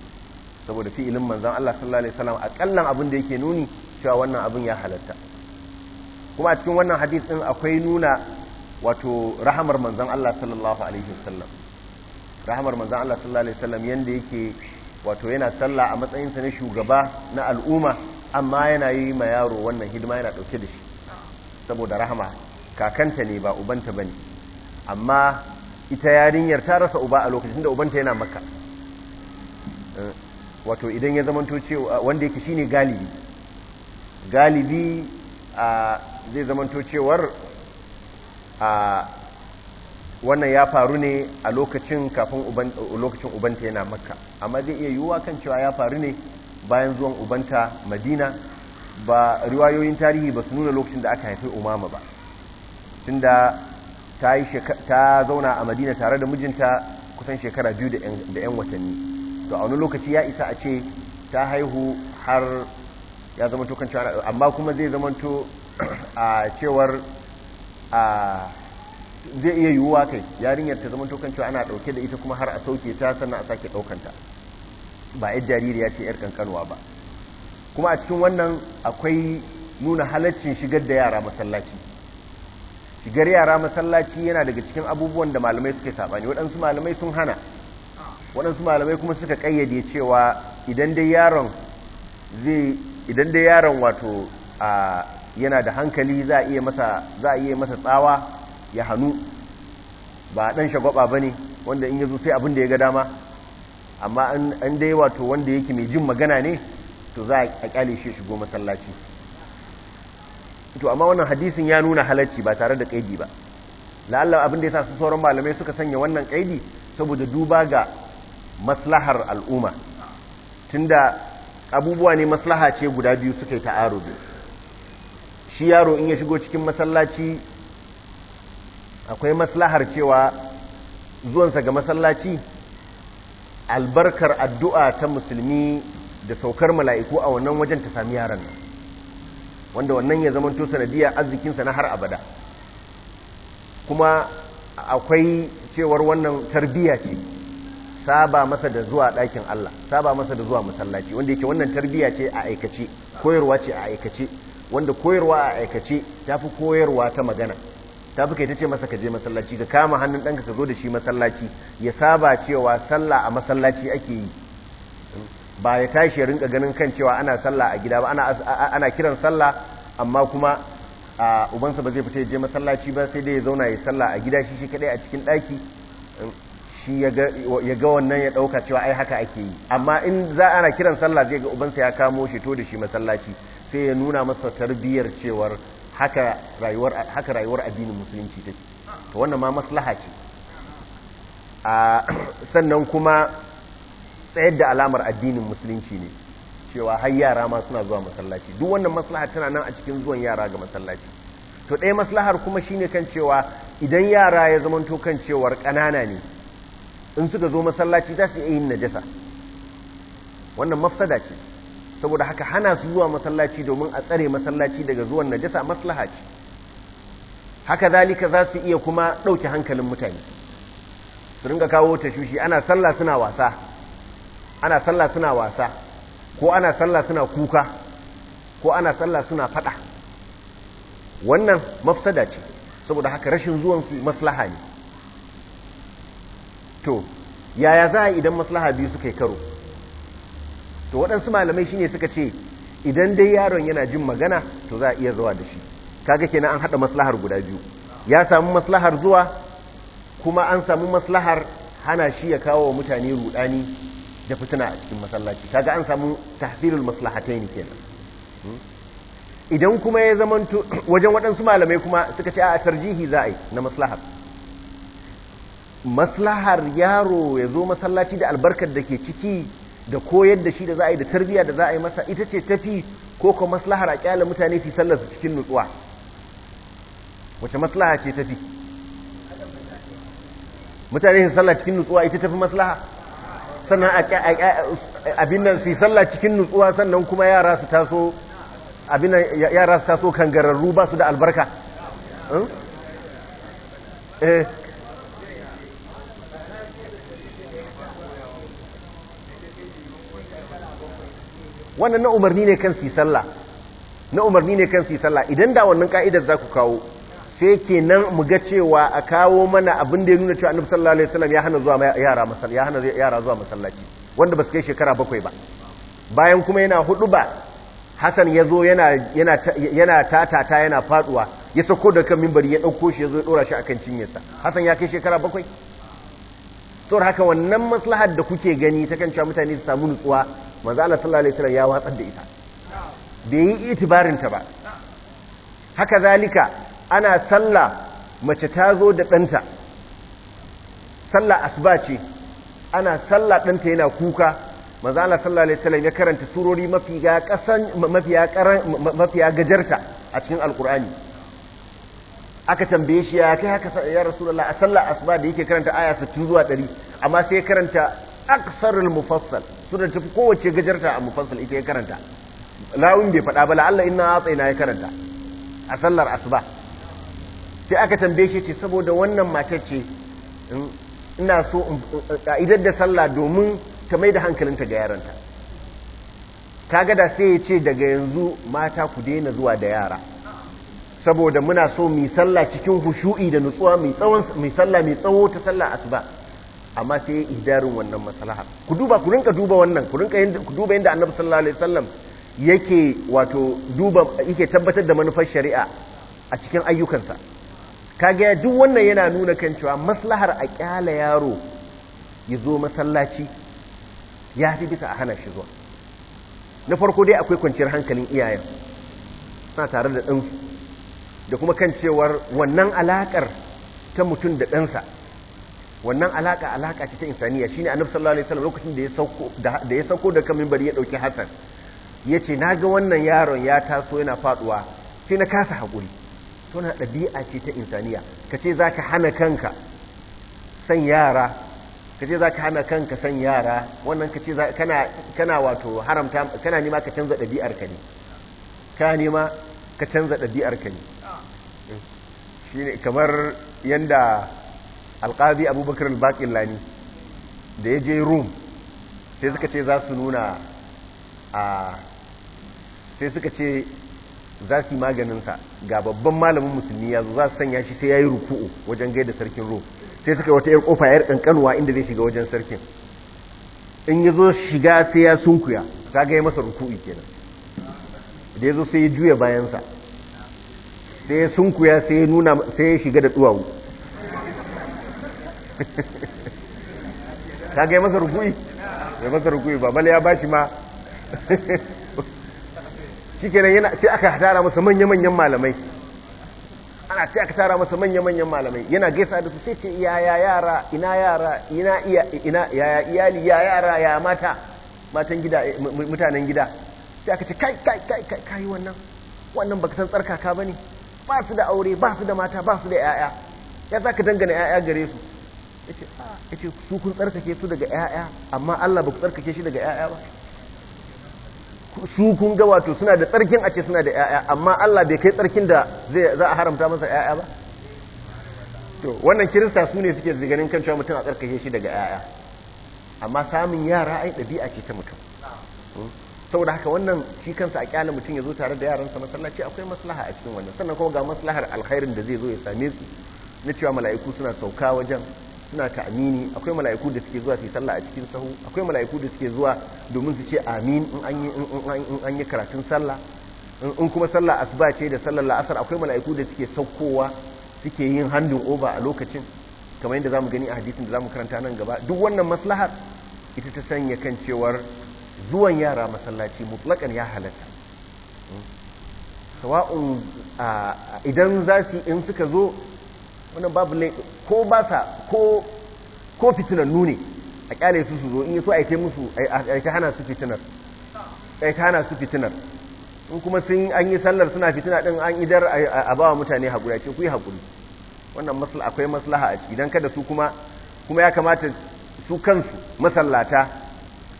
saboda fi'ilin manzon Allah sallallahu alaihi wasallam akallan abin da yake nuni cewa wannan abin ya halatta kuma a cikin wannan hadisin akwai nuna wato rahamar manzon Allah sallallahu alaihi wasallam rahamar manzan Allah sallallahu alaihi wasallam yanda yake wato yana sallah a matsayin sa na shugaba na al'umma amma yana yi ma yaro wannan hidima yana dauke da shi saboda rahama kakanta ne ba ubanta bane amma ita yarinyar ta rasa uba a lokacin da ubanta yana makka eh, wato idan ya zamanto cewa ah, wanda yake shine galibi galibi ah, zai zamanto cewar a ah, wannan ya faru ne a lokacin kafin lokacin ubanta yana makka amma zai iya yiwuwa kan cewa ya faru ne bayan zuwan ubanta madina ba riwayoyin tarihi ba su nuna lokacin da aka haifi umama ba tunda ta ta zauna a madina tare da mijinta kusan shekara biyu da 'yan watanni to a wani lokaci ya isa a ce ta haihu har ya zama to kan cewa amma kuma zai zama to a cewar a zai iya yiwuwa kai yarinyar ta zama tokan cewa ana dauke da ita kuma har a sauke ta sannan a sake ɗaukanta ba jariri ya ce yar kankanuwa ba kuma a cikin wannan akwai nuna halaccin shigar da yara masallaci shigar yara masallaci yana daga cikin abubuwan da malamai suke saɓani waɗansu malamai sun hana waɗansu malamai kuma suka kayyade cewa idan dai yaron zai idan dai yaron wato yana da hankali za a iya masa tsawa ya hannu ba ɗan shagwaba ne wanda in yanzu sai abin da ya ga dama amma an dai wato wanda yake mai jin magana ne to za a kyale shi shigo masallaci to amma wannan hadisin ya nuna halarci ba tare da kaidi ba la'alla abin da sa su sauran malamai suka sanya wannan kaidi saboda duba ga maslahar al'umma tunda abubuwa ne maslaha ce guda biyu suka yi ta'arubi shi yaro in ya shigo cikin masallaci akwai maslahar cewa zuwansa ga masallaci albarkar addu'a ta musulmi da saukar mala'iku a wannan wajen ta sami yaran nan wanda wannan ya zama to sanadiyar arzikinsa na har abada kuma akwai cewar wannan tarbiya ce saba masa da zuwa ɗakin Allah saba masa da zuwa masallaci wanda yake wannan tarbiya ce a aikace koyarwa ce a aikace wanda koyarwa a aikace ta koyarwa ta magana ta fi kai ce masa ka je masallaci ka kama hannun ɗanka ka zo da shi masallaci ya saba cewa sallah a masallaci ake yi ba ya tashi ya rinka ganin kan cewa ana sallah a gida ba ana kiran sallah amma kuma a ubansa ba zai fita ya je masallaci ba sai dai ya zauna ya sallah a gida shi shi kadai a cikin ɗaki shi ya ga wannan ya ɗauka cewa ai haka ake yi amma in za ana kiran sallah zai ga ubansa ya kamo shi to da shi masallaci sai ya nuna masa tarbiyyar cewar haka rayuwar addinin musulunci ce, ta wannan ma maslaha ce sannan kuma tsayar da alamar addinin musulunci ne cewa har yara ma suna zuwa masallaci duk wannan maslaha tana nan a cikin zuwan yara ga masallaci to ɗaya maslahar kuma shine kan cewa idan yara ya zama to kan cewar ƙanana ne in suka zo masallaci za su iya yin najasa wannan mafsada ce saboda haka hana su zuwa masallaci domin a tsare masallaci daga zuwan najasa maslaha ce haka zalika za su iya kuma ɗauke hankalin mutane su ringa kawo tashushi ana sallah suna wasa ana sallah suna wasa ko ana sallah suna kuka ko ana sallah suna faɗa wannan mafsada ce saboda haka rashin zuwansu maslaha ne to yaya za a idan maslaha biyu suka yi karo to waɗansu malamai shine suka ce idan dai yaron yana jin magana to za a iya zuwa da shi kaga kenan an haɗa maslahar guda biyu ya samu maslahar zuwa kuma an samu maslahar hana shi ya kawo mutane rudani da fitina a cikin masallaci kaga an samu tahsilul maslahatain kenan idan kuma ya zamanto wajen waɗansu malamai kuma suka ce a tarjihi za a yi na maslahar maslahar yaro ya zo masallaci da albarkar da ke ciki da koyar da shi da za a yi da tarbiyya da za a yi masa ita ce tafi ko ko maslahar a kyala mutane fi sallar su cikin nutsuwa wace maslaha ce tafi mutane su sallar cikin nutsuwa ita tafi maslaha sannan abin nan su sallar cikin nutsuwa sannan kuma yara su taso abin yara su taso kangararru ba su da albarka hmm? eh. wannan na umarni ne kan si sallah na umarni ne kan si sallah idan da wannan ka'idar za ku kawo sai kenan mu ga cewa a kawo mana abin da ya nuna cewa annabi sallallahu alaihi wasallam ya hana zuwa yara masallaci ya hana yara zuwa masallaci wanda ba su kai shekara bakwai ba bayan kuma yana hudu ba Hassan ya zo yana tatata yana faduwa ya sako da kan mimbari ya ɗauko shi ya zo ya dora shi a kan cinyarsa Hassan ya kai shekara bakwai tsor haka wannan maslahar da kuke gani ta kan cewa mutane su samu nutsuwa manzo sallallahu alaihi wasallam ya watsar da ita bai yi itibarin ta ba haka zalika ana sallah mace ta zo da danta sallah asuba ce ana sallah danta yana kuka manzo sallallahu alaihi wasallam ya karanta surori mafiya kasan mafiya karan mafiya gajarta a cikin alqur'ani aka tambaye shi ya kai haka ya rasulullah a sallah asuba da yake karanta aya 60 zuwa 100 amma sai ya karanta al mufassal suna tafi kowace gajarta a mufassal ita ya karanta lawun bai faɗa ba la'alla tsaye na ya karanta a sallar asuba sai aka tambaye shi ce saboda wannan matar ce ina so a idar da sallah domin ta mai da hankalinta ga yaranta Ka gada sai ya ce daga yanzu mata ku daina zuwa da yara saboda muna so mai sallah cikin hushu'i da nutsuwa mai sallah mai tsawo ta sallah asuba amma sai idarin wannan maslaha ku duba ku rinka duba wannan ku rinka ku duba yanda annabi sallallahu alaihi wasallam yake wato duba yake tabbatar da manufar shari'a a cikin ayyukansa kage duk wannan yana nuna kan cewa maslahar a kyala yaro ya zo masallaci ya fi bisa a hana shi zuwa na farko dai akwai kwanciyar hankalin iyayen suna tare da ɗansu da kuma kan cewar wannan alaƙar ta mutum da ɗansa wannan alaka alaka ce ta insaniya shine annabi sallallahu alaihi wasallam lokacin da ya sauko da ya sauko daga minbari ya dauki Hassan yace naga wannan yaron ya taso yana faduwa sai na kasa hakuri to na dabi'a ce ta insaniya kace zaka hana kanka san yara kace zaka hana kanka san yara wannan kace kana kana wato haramta kana nima ka canza dabi'ar ka ne ka nima ka canza dabi'ar ka ne ah. eh. shine kamar yanda alkazi abubakar albakin lani da ya je rum sai suka ce za su nuna a sai suka ce za su yi maganinsa ga babban malamin musulmi ya zo za su sanya shi sai ya yi ruku'u wajen gaida sarkin rum sai suka wata yar kofa yar kankanuwa inda zai shiga wajen sarkin in ya zo shiga sai ya sunkuya ta gai masa ruku'i kenan da ya zo sai ya juya bayansa sai ya sunkuya sai ya nuna sai ya shiga da duwawu ka ga masa rukui ya masa rukui ba bala ya bashi ma shikenan yana sai aka tara masa manya-manyan malamai ana sai aka tara masa manya-manyan malamai yana gaisa da su sai ce yaya yara ina yara ina iya ina yaya iyali ya yara ya mata matan gida eh, mutanen gida sai aka ce kai kai kai kai kai wannan wannan baka san tsarkaka bane ba su da aure ba su da mata ba su da yaya ya za ka dangana yaya gare su Ah. yace su kun tsarkake su daga ƴaƴa amma Allah ba ku tsarkake shi daga ƴaƴa ba su kun ga wato suna da tsarkin a ce suna da ƴaƴa amma Allah bai kai tsarkin da za a haramta masa ƴaƴa ba to wannan kirista su ne suke ziganin kan cewa mutum a tsarkake shi daga ƴaƴa amma samun yara ai ɗabi'a ce ta mutum hmm? saboda haka wannan shi kansa a kyale mutum ya zo tare da yaransa masallaci akwai maslaha a cikin wannan sannan kuma ga maslahar alkhairin da zai zo ya same su na cewa mala'iku suna sauka wajen suna amini akwai mala'iku da suke zuwa su yi salla a cikin sahu akwai mala'iku da suke zuwa domin su ce amin in an yi karatun sallah in kuma sallah asuba ce da sallar la'asar akwai mala'iku da suke saukowa suke yin handin over a lokacin kamar yadda zamu gani a hadisin da zamu karanta nan gaba duk wannan maslahar ita ta sanya kan cewar zuwan yara masallaci mutlakan ya halatta hmm. sawa'un idan za su in suka zo wannan babu ne ko ba sa ko ko fitinannu ne a kyale su su zo in yaso aike musu aike hana su fitinar aike hana su fitinar in kuma sun an yi sallar suna fitina din an idar a bawa mutane hakuri ce ku yi hakuri wannan akwai maslaha a ciki dan kada su kuma kuma ya kamata su kansu masallata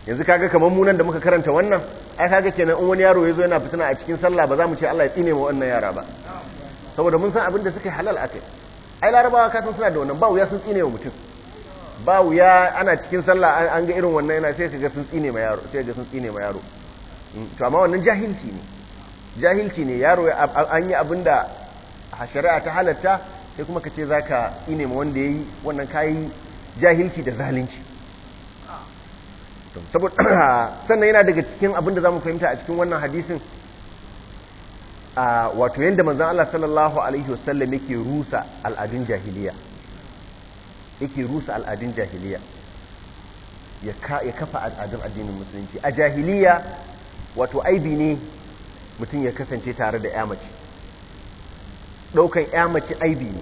yanzu kaga kamar munan da muka karanta wannan ai kaga kenan in wani yaro ya zo yana fitina a cikin sallah ba za mu ce Allah ya tsine mu wannan yara ba saboda mun san abin da suka halal akai ai larabawa katon suna da wannan ba wuya sun tsine wa mutum ba wuya ana cikin sallah an ga irin wannan yana sai kaga sun tsine ma yaro sai kaga sun tsine ma yaro mm, to amma wannan jahilci ne jahilci ne yaro an yi abinda a shari'a ta halatta sai kuma ka ce zaka tsine ma wanda yayi wannan kai jahilci da zalunci saboda sannan yana daga cikin abinda zamu fahimta a cikin wannan hadisin wato yadda manzan Allah sallallahu alaihi wasallam yake rusa al'adun jahiliya yake rusa al'adun jahiliya ya kafa al'adun addinin musulunci a jahiliya wato aibi ne mutum ya kasance tare da yamaci ɗaukan yamaci aibi ne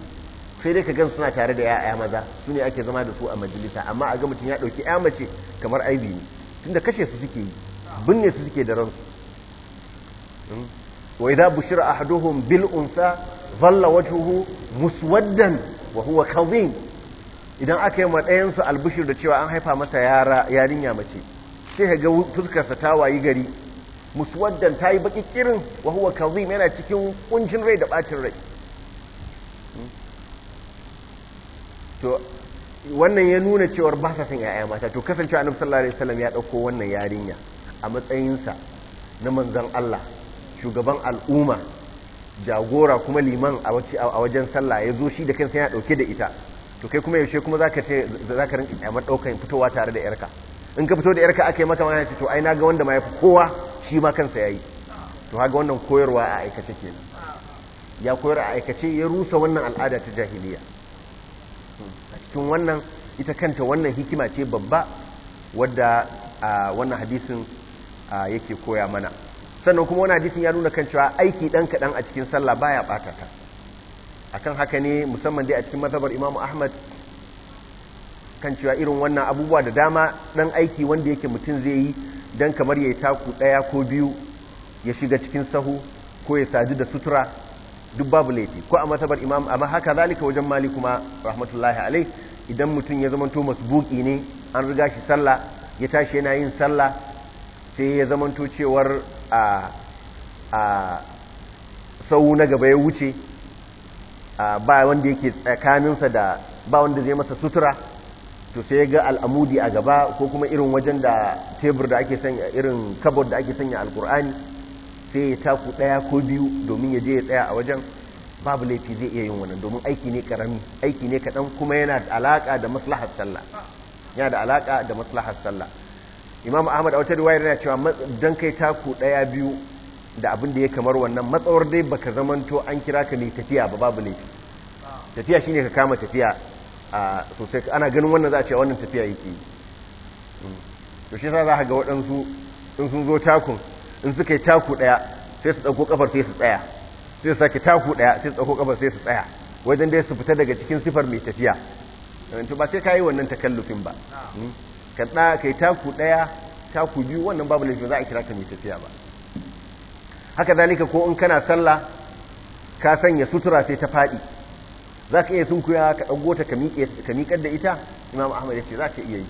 sai dai ka gan suna tare da ya'ya maza su ne ake zama da su a majalisa amma a ga mutum ya ɗauki yamaci kamar aibi ne tunda kashe su suke yi binne su suke da ransu hmm? wa idza bushira ahaduhum bil unsa dhalla wajhuhu muswaddan wa huwa idan aka yi madayan su albushir da cewa an haifa masa yara yarinya mace sai ga fuskar ta wayi gari muswaddan tayi baki kirin wa huwa yana cikin kuncin rai da bacin rai hmm? to wannan ya nuna cewar ba sa son ya'ya mata to kasancewa annabi sallallahu alaihi wasallam ya dauko wannan yarinya a matsayinsa na manzon Allah shugaban al'umma jagora kuma liman a wajen sallah ya zo shi da kansa yana dauke da ita to kai kuma yaushe kuma zaka ce zaka rinka kyamar daukan fitowa tare da yarka in ka fito da yarka akai maka mana ce to ai naga wanda ma yafi kowa shi ma kansa yayi to haga wannan koyarwa a aikace nan ya koyar a aikace ya rusa wannan al'ada ta jahiliya a cikin wannan ita kanta wannan hikima ce babba wadda wannan hadisin yake koya mana sannan kuma wani hadisin ya nuna kan cewa aiki ɗan kaɗan a cikin sallah baya ɓata ta akan haka ne musamman dai a cikin mazhabar imamu ahmad kan cewa irin wannan abubuwa da dama ɗan aiki wanda yake mutum zai yi dan kamar ya yi taku ɗaya ko biyu ya shiga cikin sahu ko ya sadu da sutura duk babu laifi ko a mazhabar imam amma haka zalika wajen mali kuma rahmatullahi alai idan mutum ya zamanto masbuki ne an riga shi sallah ya tashi yana yin sallah sai ya zamanto cewar a sau na gaba ya wuce ba wanda yake tsakaninsa da ba wanda zai masa sutura to sai ga al'amudi a gaba ko kuma irin wajen da tebur da ake sanya irin kabod da ake sanya alkur'ani sai ya taku daya ko biyu domin ya je ya tsaya a wajen babu laifi zai iya yin wannan domin aiki ne karami aiki ne kaɗan kuma yana da alaka da maslahar sallah yana da alaƙa da maslahar sallah imam ahmad a da wayar na cewa don kai taku daya biyu da abin da ya kamar wannan matsawar dai baka zamanto an kira ka ne tafiya ba babu laifi tafiya shine ka kama tafiya a sosai ana ganin wannan za a cewa wannan tafiya yake yi hmm. to shi sa za a ga waɗansu in sun zo takun in suka yi taku daya sai su ɗauko kafar sai su tsaya sai su sake taku daya sai su ɗauko kafar sai su tsaya wajen dai su fita daga cikin sifar mai tafiya to ba sai ka yi wannan takallufin ba ka ɗa ka yi taku ɗaya taku biyu wannan babu laifin za a kira ka mai tafiya ba haka zalika ko in kana sallah ka sanya sutura sai ta faɗi za ka iya sunkuya ka ɗago ta ka miƙar da ita imam ahmad ya ce za ka iya yi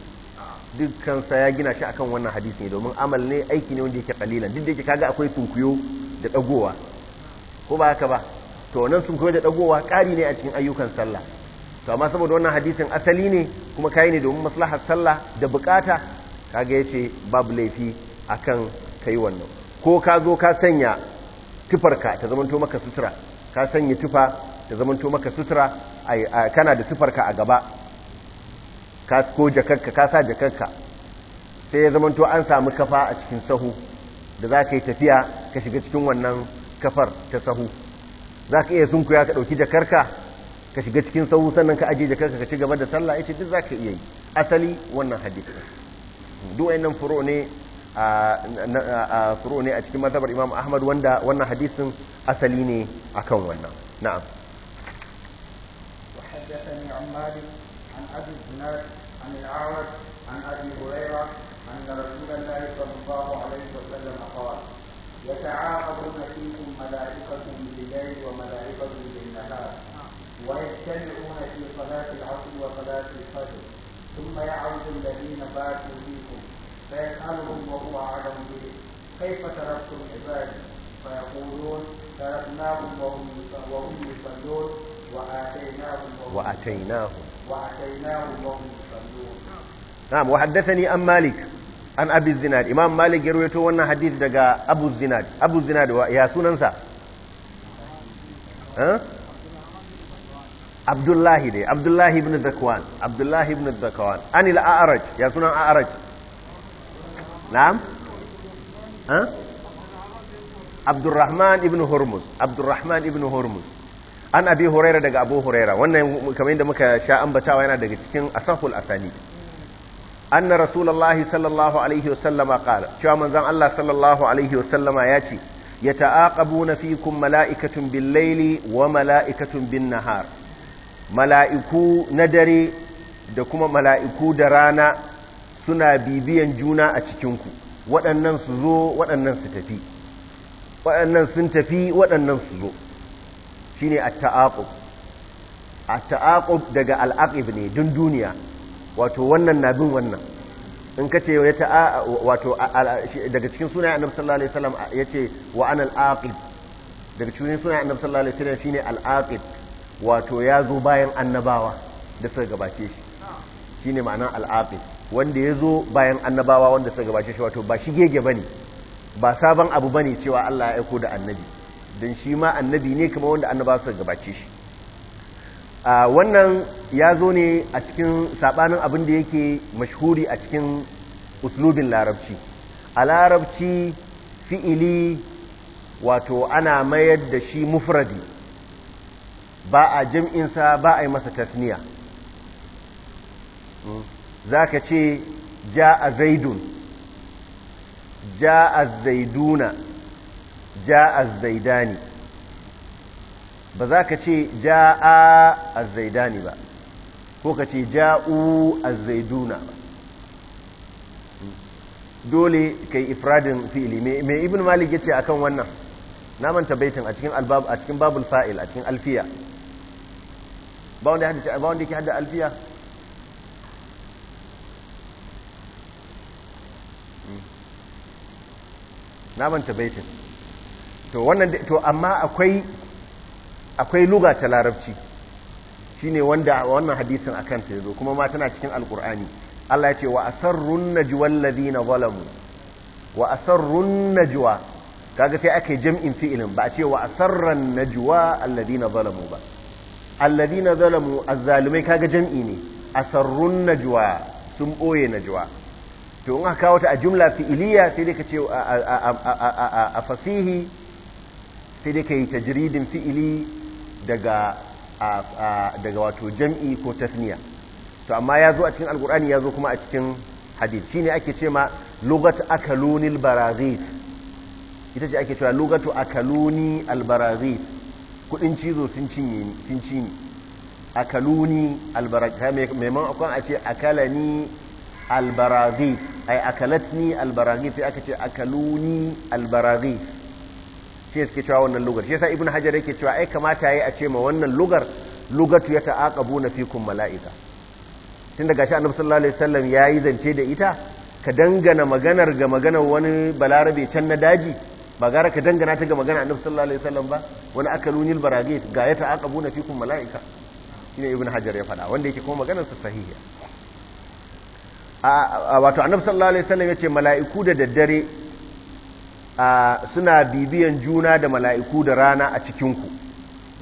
dukkansa ya gina shi akan wannan hadisi ne domin amal ne aiki ne wanda yake kalilan duk da yake kaga akwai sunkuyo da ɗagowa ko ba haka ba to nan sunkuyo da ɗagowa ƙari ne a cikin ayyukan sallah to amma saboda wannan hadisin asali ne kuma kai ne domin maslahar sallah da bukata kaga yace babu laifi akan kai wannan ko ka zo ka sanya tufarka ta zamanto maka sutura ka sanya tufa ta zamanto maka sutura kana da tufarka a gaba ka ko jakarka ka sa jakarka sai ya zamanto an samu kafa a cikin sahu da za ka yi tafiya ka shiga cikin wannan kafar ta sahu za ka iya sunkuya ka ɗauki jakarka ka shiga cikin sauhu sannan ka ajiye jakarka ka ci gaba da sallah ita duk zaka iya yi asali wannan hadith duk wani furo ne a cikin mazhabar Imam Ahmad wanda wannan hadisin asali ne akan wannan na'am وحدثني عن مالك عن ابي الزناد عن الاعرج عن ابي هريره ان رسول الله صلى الله عليه وسلم قال فيكم ملائكه بالليل وملائكه بالنهار ويجتمعون في صلاة العصر وصلاة الفجر ثم يعود الذين باتوا فيكم فيسألهم وهو أعلم به كيف تركتم عبادي فيقولون تركناهم وهم وهم يصلون وآتيناهم وآتيناهم وآتيناهم وهم يصلون نعم وحدثني أم مالك an abu zinad imam malik ya وانا wannan hadith daga abu zinad abu zinad ya sunansa أه؟ abdullahi dai abdullahi ibn zakwan abdullahi ibn zakwan an ila a'raj ya sunan a'raj na'am ha abdurrahman ibn hurmuz abdurrahman ibn hurmuz an abi huraira daga abu huraira wannan kamar yadda muka sha ambatawa yana daga cikin asahul asani anna rasulullahi sallallahu alaihi wasallama qala cewa manzon Allah sallallahu alaihi wasallama ya ce yata'aqabuna fikum mala'ikatun bil-laili wa mala'ikatun bin-nahar mala'iku na dare da kuma mala'iku da rana suna bibiyan juna a cikinku waɗannan su zo waɗannan su tafi waɗannan sun tafi waɗannan su zo shi ne a ta'aƙub a ta'aƙub daga al'aƙib ne dun duniya wato wannan na bin wannan in ka ce ya ta'a wato daga cikin suna annabta sallallahu alaihi wasallam ya ce wa'an al’aƙib al'aqib daga cikin suna annabta sallallahu alaihi wasallam ne al'aqib wato ya zo bayan annabawa da suka gabace shi shine ma'anar al'aqil wanda ya zo bayan annabawa wanda suka gabace shi wato ba shi gege bane ba sabon abu bane cewa Allah ya aiko da annabi don shi ma annabi ne kamar wanda annabawa suka gabace shi wannan ya zo ne a cikin saɓanin abin da yake mashhuri a cikin uslubin larabci a larabci fi'ili wato ana mayar da shi mufradi ba a jim'insa ba a yi masa tasniya hmm? za ka ce ja a zaidun ja a zaiduna ja a zaidani ba za ka ce ja a zaidani ba ko ka ce ja u a zaiduna ba hmm? dole ka yi ifradin fili. mai ibn malik ya ce a kan wannan na manta baitin a cikin babul fa'il a cikin alfiya ba wanda ya ba wanda alfiya hmm. na manta baitin to wannan to amma akwai akwai luga ta larabci shine wanda wannan hadisin akan ta yazo kuma ma tana cikin alqur'ani Allah ya ce wa asarrun najwa alladhina zalamu wa asarrun najwa kaga sai aka yi jam'in fi'ilin ba a ce wa asarran najwa alladhina zalamu ba alladina zalamu zalumai kaga jam'i ne asarrun najwa sun boye najwa to in aka kawo ta a jumla fi'iliya sai dai ka ce a fasihi sai dai ka yi tajridin fi'ili daga wato jam'i ko tasniya to amma ya zo a cikin alkur'ani ya zo kuma a cikin hadith shine ake ce ma lugat akalunil barazif ita ce ake cewa lugatu akaluni albarazif kudin cizo sun cinye sun cinye akaluni albaraka maimakon a ce akalani albaraghi ay akalatni albaraghi sai aka ce akaluni albarazi shi suke cewa wannan lugar shi yasa Ibn hajar yake cewa ai kamata yayi a ce ma wannan lugar lugatu ya na fikum mala'ika tun daga shi annabi sallallahu alaihi wasallam yayi zance da ita ka dangana maganar ga maganar wani balarabe can na daji ba gara ka dangana ta ga magana annabi sallallahu alaihi wasallam ba wani akalunil baragit ga ya ta'aqabuna fikum malaika shine ibn hajar ya faɗa wanda yake kuma maganar sa sahiha a wato annabi sallallahu alaihi wasallam yace mala'iku da daddare suna bibiyan juna da mala'iku da rana a cikin ku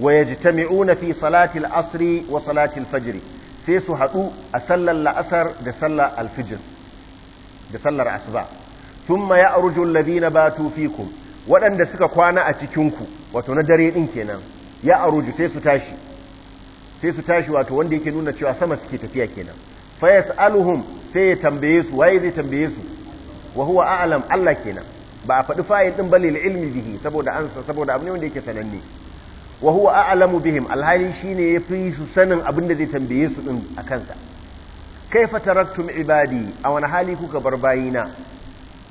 wayajtami'una fi salati al-asri wa salati al-fajr sai su haɗu a sallar la'asar da sallar al-fajr da sallar asuba thumma ya'ruju alladhina batu fikum waɗanda suka kwana a cikinku wato na dare ɗin kenan ya aruju sai su tashi sai su tashi wato wanda yake nuna cewa sama suke tafiya kenan fayas aluhum sai ya tambaye su waye zai tambaye su wa huwa a'lam Allah kenan ba a faɗi fayin ɗin balil ilmi bihi saboda ansa saboda abu ne wanda yake sananne wa huwa a'lamu bihim alhali shine yafi su sanin abin da zai tambaye su din a kansa. kaifa taraktum ibadi a wani hali kuka bar bayina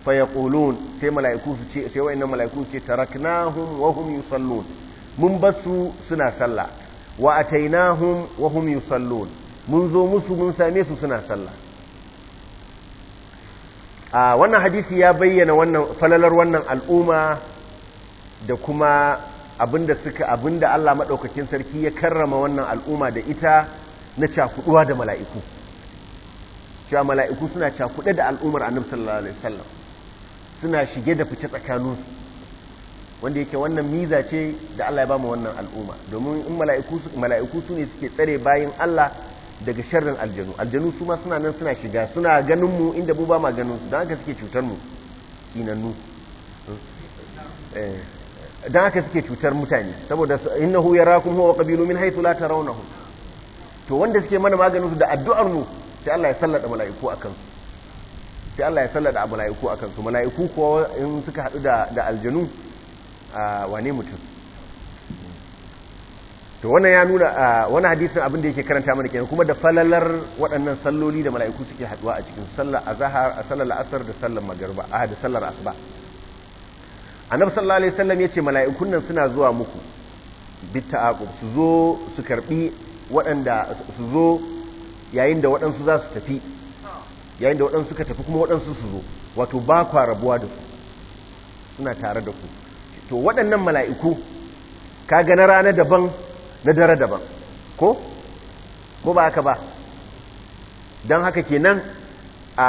fayaqulun sai mala'iku su ce sai wayannan mala'iku ce taraknahum wa hum yusallun mun basu suna sallah wa atainahum wa hum yusallun mun zo musu mun same su suna sallah a wannan hadisi ya bayyana wannan falalar wannan al'umma da kuma abinda suka abinda Allah madaukakin sarki ya karrama wannan al'umma da ita na cakuduwa da mala'iku cewa mala'iku suna cakuɗe da al'ummar annabi sallallahu alaihi wasallam suna shige da fice tsakaninsu wanda yake wannan miza ce da Allah ya ba mu wannan al'umma domin in mala'iku su ne suke tsare bayan Allah daga sharrin aljanu aljanu su ma suna nan suna shiga suna ganin mu inda mu ba ma ganin su don haka suke cutar mu sinannu eh, don haka suke cutar mutane saboda innahu yarakum huwa qabilu min haythu la raunahu to wanda suke mana maganin su da addu'ar mu sai Allah ya sallada mala'iku akan su sai Allah ya sallada abu mala'iku a kansu mala'iku ko in suka haɗu da aljanu a wane mutum to wannan ya nuna wani hadisin abin da yake karanta mana kenan kuma da falalar waɗannan salloli da mala'iku suke haɗuwa a cikin sallar azhar a sallar la'asar da sallar magriba a da sallar asuba annabi sallallahu alaihi wasallam yace mala'ikun nan suna zuwa muku bita'aqub su zo su karbi waɗanda su zo yayin da waɗansu za su tafi yayin da waɗansu suka tafi kuma waɗansu su zo wato ba kwa rabuwa da su suna tare da ku to waɗannan mala'iku ka gana rana daban na dare daban ko ko ba haka ba don haka nan a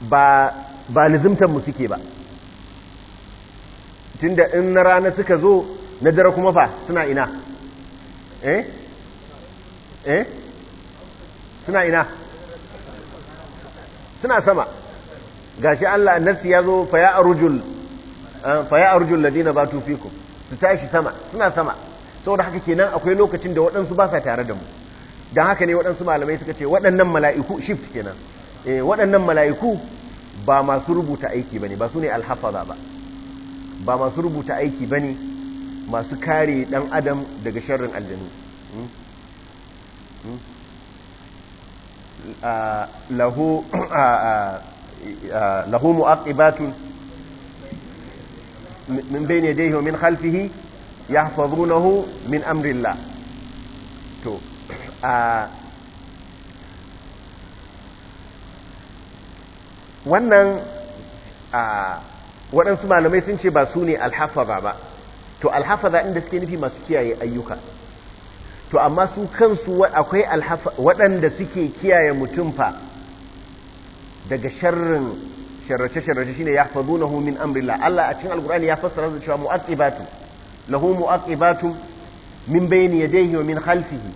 ba ba lizimtar mu suke ba tunda in na rana suka zo na dare kuma fa suna ina eh eh suna ina suna sama ga shi Allah annasi ya zo fa ya rujul eh, fa ladina su tashi sama suna sama saboda haka kenan akwai lokacin da waɗansu ba sa tare da mu don haka ne waɗansu malamai suka ce waɗannan mala'iku shift kenan eh, waɗannan mala'iku ba masu rubuta aiki ba ne ba su ne alhafaza ba ba masu rubuta aiki ba ne masu kare ɗan adam daga sharrin aljanu hmm? Hmm? lahu lahu mu'aqibatun min bayni yadayhi wa min khalfihi yahfazunahu min amrillah to wannan waɗansu malamai sun ce ba su ne alhafaza ba to alhafaza inda suke nufi masu kiyaye ayyuka to amma su kansu akwai waɗanda suke kiyaye mutum fa daga sharrin sharrace-sharrace shine ya faɗo na min amrila Allah a cikin alkur'ani ya fassara da cewa mu'aqibatu lahu mu'aqibatu min bayni yadayhi wa min khalfihi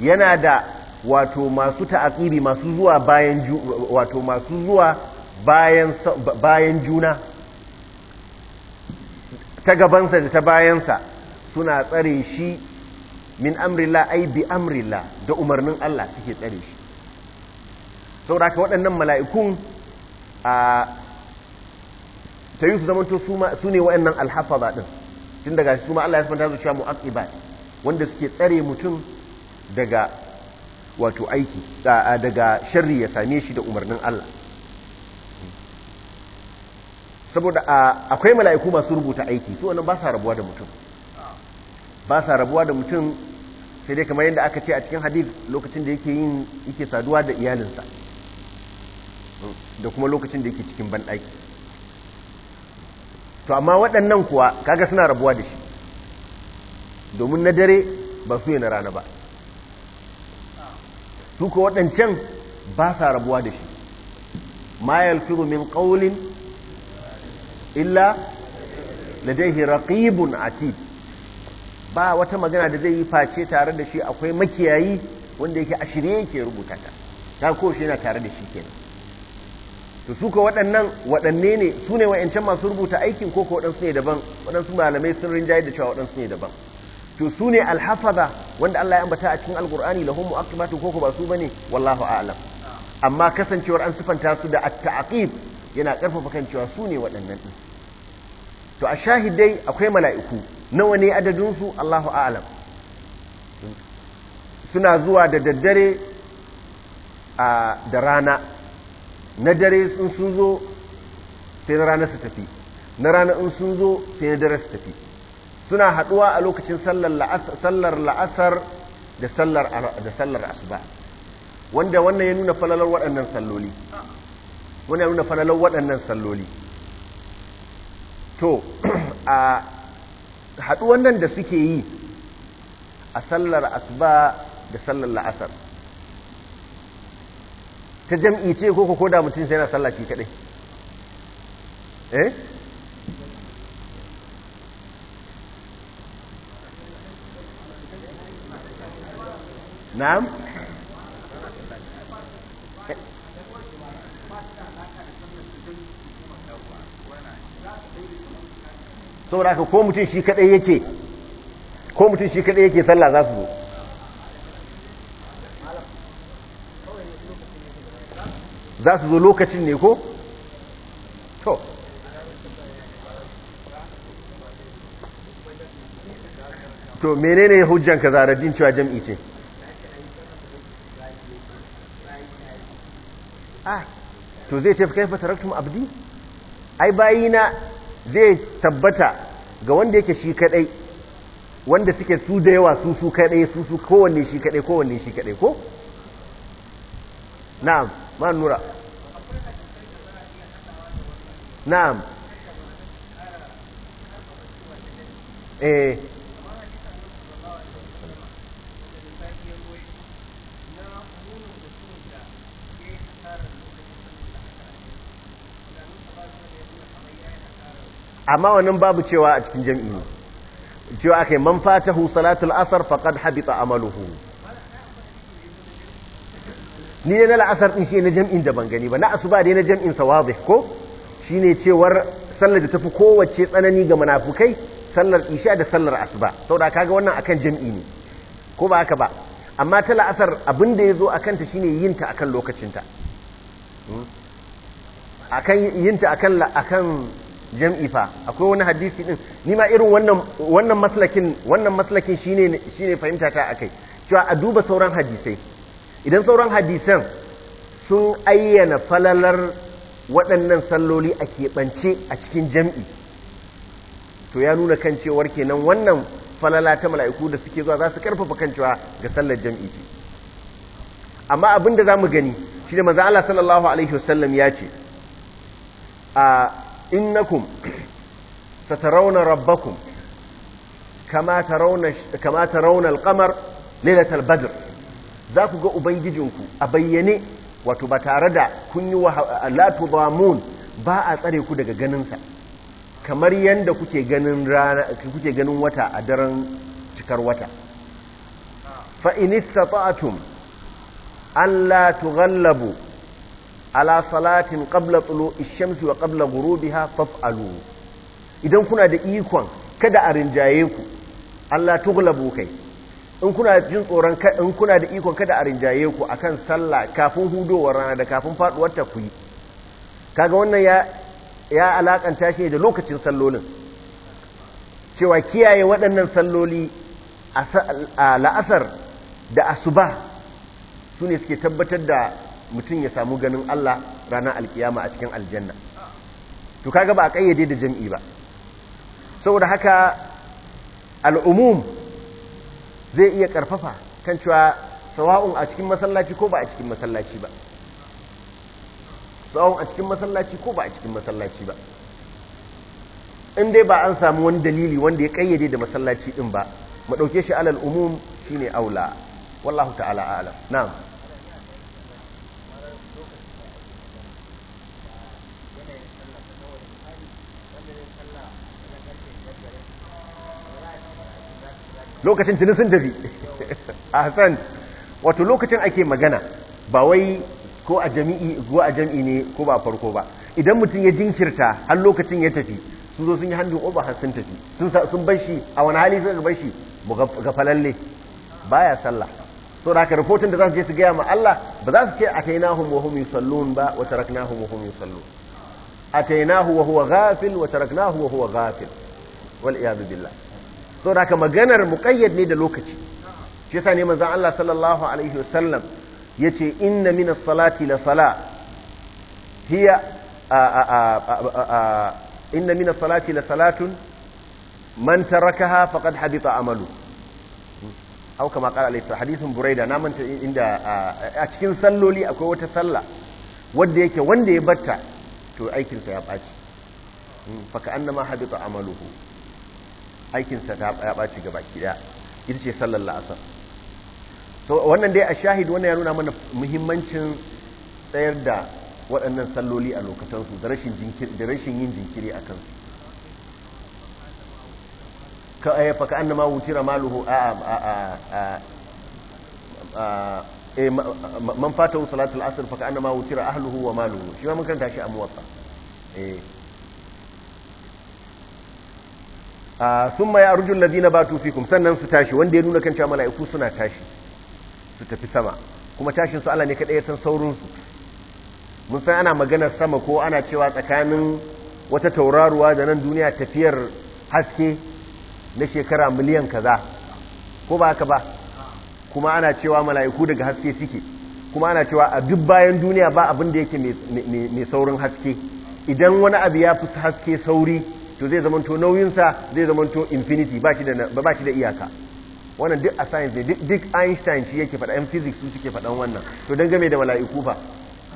yana da wato masu ta'aƙiri masu zuwa bayan wato masu zuwa bayan bayan juna ta gabansa da ta bayansa suna tsare shi min la ai bi la da umarnin Allah suke tsare shi saboda ka waɗannan mala'ikun a ta yi su zamanto su ne waɗannan alhafaza ɗin tun daga su ma Allah ya sabanta zuciya mu mu'aqibat wanda suke tsare mutum daga wato aiki daga sharri ya same shi da umarnin Allah saboda akwai mala'iku masu rubuta aiki su wannan ba sa rabuwa da mutum ba sa rabuwa da mutum sai dai kamar yadda aka ce a cikin hadith lokacin da yake yin yake saduwa da iyalinsa da kuma lokacin da yake cikin banɗaki to amma waɗannan kuwa kaga suna rabuwa da shi domin na dare ba su yi na rana ba su ko waɗancan ba sa rabuwa da shi ma yalfiru min ƙaulin illa ladaihi raƙibun atid ba wata magana da zai yi face tare da shi akwai makiyayi wanda yake a shirye yake rubuta ta ta ko shi yana tare da shi kenan to su ka waɗannan waɗanne ne su ne wa'ancan masu rubuta aikin ko waɗansu ne daban waɗansu malamai sun rinjaye da cewa waɗansu ne daban to su ne alhafaza wanda Allah ya ambata a cikin alkur'ani lahun mu'aqibatu ko ba su ne wallahu a'lam amma kasancewar an sifanta su da at yana karfafa kan cewa su ne waɗannan din to a shahidai akwai mala'iku nawa ne adadinsu Allahu alam suna zuwa da daddare a da rana na dare sun sun zo sai na rana su tafi na rana in sun zo sai na dare su tafi suna haduwa a lokacin sallar la'asar da sallar asuba wanda wannan ya nuna falalar waɗannan salloli wannan ya nuna falalar waɗannan salloli to a haɗu wannan da suke yi a sallar asuba da sallar la'asar ta jam'i ce ko ko da mutum sai na salla shi kaɗai eh na'am saboda haka ko mutum shi kadai yake ko mutum shi kadai yake sallah za su zo za su zo lokacin ne ko to to menene hujjanka zaraddin cewa jam'i ce ah to zai ce kai kaifa taraktum abdi ai na. zai tabbata ga wanda yake shi kadai wanda suke su da yawa su su kadai su su kowanne shi kadai kowanne shi kadai ko na'am ma nura na'am eh amma wannan babu cewa a cikin jam'i ne cewa akai man fatahu salatul asr faqad habita amaluhu ni ne na la'asar din shi na jam'in da ban gani ba na asuba dai na jam'in sa wadih ko shine cewar sallar da tafi kowace tsanani ga munafukai sallar isha da sallar asuba saboda kaga wannan akan jam'i ne ko ba haka ba amma ta la'asar abin da ya zo a kanta shi ne yinta a kan lokacinta akan hmm? yinta a kan jam'i fa akwai wani hadisi din ni ma irin wannan wannan maslakin wannan maslakin shine shine fahimta ta akai cewa a duba sauran hadisai idan sauran hadisan sun ayyana falalar waɗannan salloli a keɓance a cikin jam'i to ya nuna kan cewar kenan wannan falala ta mala'iku da suke zuwa za su karfafa kan cewa ga sallar jam'i ce amma abin da zamu gani shi da maza Allah sallallahu Alaihi wasallam ya ce a innakum satarawna rabbakum kama tarawna kama tarawna al-qamar lailatal badr za ku ga ubangijinku a bayyane wato ba tare da kun yi la tudamun ba a tsare ku daga ganinsa kamar yanda kuke ganin rana kuke ganin wata a daren cikar wata fa inista istata'tum an la tughallabu ala salatin qabla tulu'i shamsi wa qabla ghurubiha faf'alu idan kuna da ikon kada a rinjaye ku Allah tughlabu kai in kuna jin tsoron in kuna da ikon kada a rinjaye ku akan sallah kafin hudowar rana da kafin faduwar ta ku kaga wannan ya ya alakanta shi da lokacin sallolin cewa kiyaye waɗannan salloli a la'asar da asuba sune suke tabbatar da mutum ya samu ganin Allah ranar alkiyama a cikin aljanna to kaga ba a kayyade da jam'i ba saboda haka al'umum zai iya karfafa kan cewa sawa'un a cikin masallaci ko ba a cikin masallaci ba sawa'un a cikin masallaci ko ba a cikin masallaci ba in dai ba an samu wani dalili wanda ya kayyade da masallaci din ba mu dauke shi alal umum shine aula wallahu ta'ala a'lam na'am lokacin tuni sun tafi a hassan wato lokacin ake magana ba wai ko a jami'i zuwa a jami'i ne ko ba farko ba idan mutum ya jinkirta har lokacin ya tafi su zo sun yi handin oba har sun tafi sun bashi shi a wani hali sun bashi shi ga falalle ba ya sallah so da haka rikotun da za su je su gaya ma Allah ba za su ce a tainahu hum yusallun ba wa taraknahum wa hum a atainahu wa huwa gafil wa taraknahu wa huwa ghafil wal iyad billah saboda ka maganar muƙayyad ne da lokaci shi yasa ne manzon Allah sallallahu alaihi wasallam yace inna min as-salati la sala hiya inna min as-salati la salatun man tarakaha faqad habita amalu aw kama qala alayhi hadithun burayda na manta inda a cikin salloli akwai wata sallah wanda yake wanda ya batta to aikin sa ya baci hmm, fa ka annama habita amaluhu aikinsa ta ya ɓaci gaba kiɗa ita ce sallar la'asar To wannan dai a shahid wannan ya nuna mana muhimmancin tsayar da waɗannan salloli a lokutansu da rashin yin jinkiri a kansu ka a eh, yafa ka na ma wutira maluhu a eh, man fata salatul asir fa ka'an na ma wutira ahluhu wa maluhu shi ma mun karanta shi a muwatta eh. sun ah, ma ya rujun lazina ba tufikum sannan su tashi wanda ya nuna kan cewa mala'iku suna tashi su tafi sama kuma tashin su Allah ne kaɗai ya san saurinsu mun san ana maganar sama ko ana cewa tsakanin wata tauraruwa da nan duniya tafiyar haske na shekara miliyan kaza ko ba haka ba kuma ana cewa mala'iku daga haske suke kuma ana cewa a duk bayan duniya ba abin da yake mai saurin haske idan wani abu ya fi haske sauri to zai zamanto nauyinsa zai zamanto infinity ba shi da iyaka wannan duk a science ne duk einstein shi yake faɗa yan physics su suke faɗan wannan to don game da mala'iku ba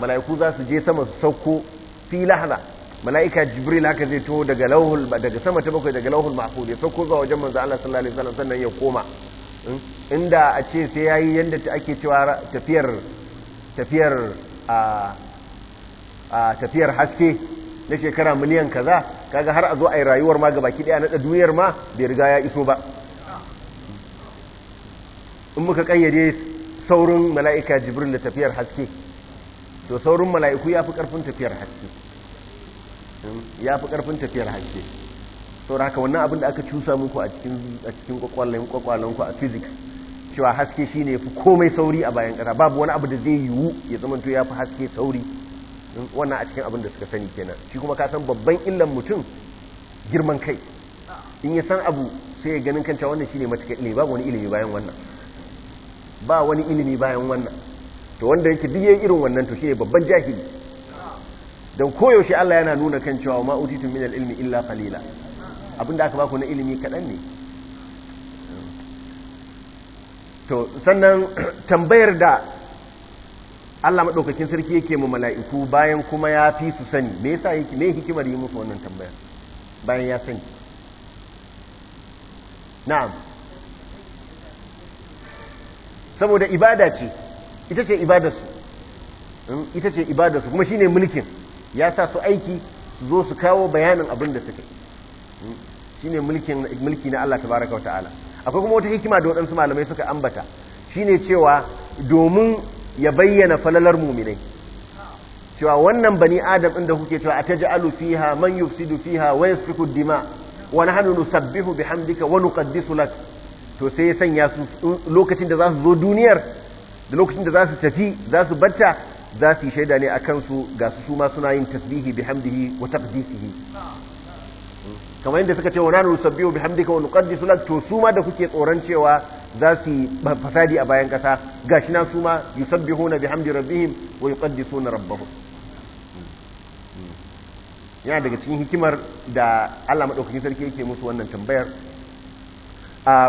mala'iku za su je sama su sauko fi lahana mala'ika jibril haka zai to daga lauhul daga sama ta bakwai daga lauhul mahfuz ya sauko zuwa wajen manzo Allah sallallahu alaihi wasallam sannan ya koma hmm? inda a ce sai yayi yanda ake cewa tafiyar tafiyar a tafiyar haske na shekara miliyan kaza kaga har a zo a yi rayuwar ma ga baki daya na duniyar ma bai riga ya iso ba in muka kayyade saurin mala'ika jibril da tafiyar haske to saurin mala'iku ya fi karfin tafiyar haske ya fi karfin tafiyar haske saboda haka wannan abin da aka cusa muku a cikin a a physics cewa haske shine fi komai sauri a bayan kasa babu wani abu da zai yiwu ya zama to ya fi haske sauri wannan a cikin abin da suka sani kenan shi kuma ka san babban illan mutum girman kai in ya san abu sai ya ganin kanta wannan shine matakan ilimi ba wani ilimi bayan wannan ba wani ilimi bayan wannan to wanda yake duk yayin irin wannan to shine babban jahili dan koyaushe Allah yana nuna kan cewa ma utitu min al-ilmi illa qalila abinda aka baku na ilimi kadan ne to sannan tambayar da Allah madaukakin sarki yake mu mala'iku bayan kuma ya fi su sani me yasa yake me hikimar yi musu wannan tambayar bayan ya sani na'am saboda ibada ce ita ce ibadarsu hmm, ita ce ibadarsu kuma shine mulkin ya sa su aiki su zo su kawo bayanin abin da suka hmm, shine mulkin mulki na Allah tabaraka wa ta'ala akwai kuma wata hikima da waɗansu malamai suka ambata shine cewa domin ya bayyana falalar muminai cewa wannan bani adam inda kuke cewa taj'alu fiha man yufsidu fiha wa yasfiku dima wa nahnu nusabbihu bihamdika wa nuqaddisu lak to sai ya sanya su lokacin da za su zo duniyar da lokacin da za su tafi za su batta za su yi shaida ne akan su ga su su ma suna yin tasbihi bihamdihi wa taqdisihi kamar yadda suka ce wa nahnu nusabbihu bihamdika wa nuqaddisu lak to su ma da kuke tsoron cewa za su yi fasadi a bayan kasa Ga shi na su ma bi hamdi rabbihim wa suna rabbahu yana daga cikin hikimar da Allah maɗaukacin sarki yake musu wannan tambayar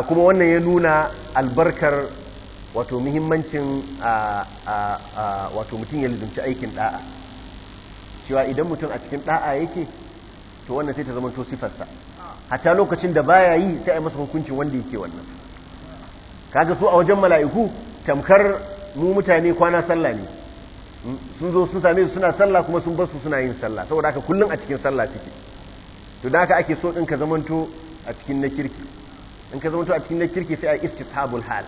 kuma wannan ya nuna albarkar wato muhimmancin wato mutum ya lizumci aikin ɗa'a. cewa idan mutum a cikin ɗa'a yake to wannan sai ta zama to sifarsa hatta lokacin da baya yi sai a masa hukuncin wanda yake wannan kaga su a wajen mala'iku tamkar mu mutane kwana sallah ne sun zo sun same su suna sallah kuma sun basu suna yin sallah saboda haka kullum a cikin sallah suke to da haka ake so in ka zamanto a cikin na kirki in ka zamanto a cikin na kirki sai a istishabul hal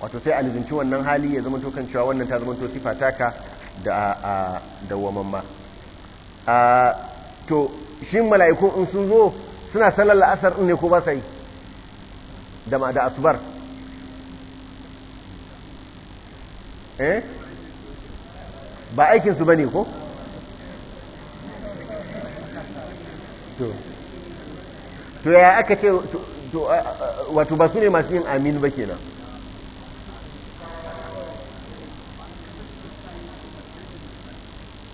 wato sai a lizinci wannan hali ya zamanto kan cewa wannan ta zamanto sifa taka da da wamamma a to shi mala'iku in sun zo suna sallar la'asar ne ko ba sai da da asubar Eh? ba aikinsu ba ne ko? to ya aka ce wato ba su ne masu yin amin ba kenan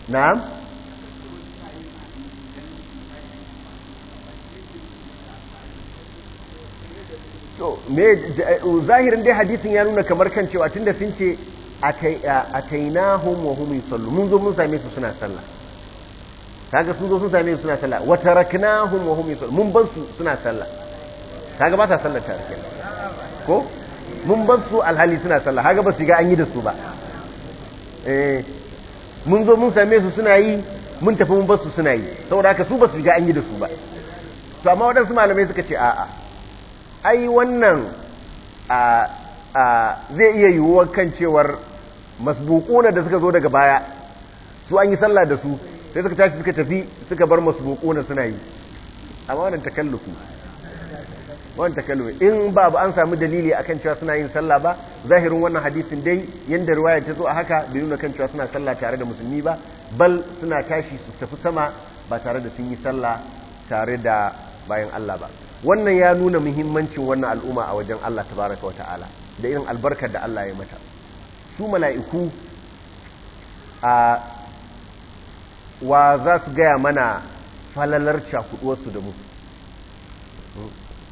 na'am to me zahirin dai hadisin ya nuna kamar kan cewa tunda sun ce atainahum wa hum yusallu mun zo mun same su suna sallah kaga sun zo sun same su suna sallah wa taraknahum wa hum yusallu mun ban su suna sallah kaga ba ta sallar rike ko mun ban su alhali suna sallah kaga ba su ga an yi da su ba eh mun zo mun same su suna yi mun tafi mun ban su suna yi saboda haka su ba su ga an yi da su ba to amma waɗansu malamai suka ce a'a ai wannan a zai iya yiwuwar kan cewar masbuquna da suka zo daga baya su an yi sallah da su sai suka tashi suka tafi suka bar masbuquna suna yi amma wannan takallufi wannan takallufi in ba an samu dalili akan cewa suna yin sallah ba zahirin wannan hadisin dai yanda riwaya ta zo a haka bai nuna kan cewa suna sallah tare da musulmi ba bal suna tashi su tafi sama ba tare da sun yi sallah tare da bayan Allah ba wannan ya nuna muhimmancin wannan al'umma a wajen Allah tabaraka wa ta'ala da irin albarkar da Allah ya mata su mala'iku a wa za su gaya mana falalar cakuduwarsu da mu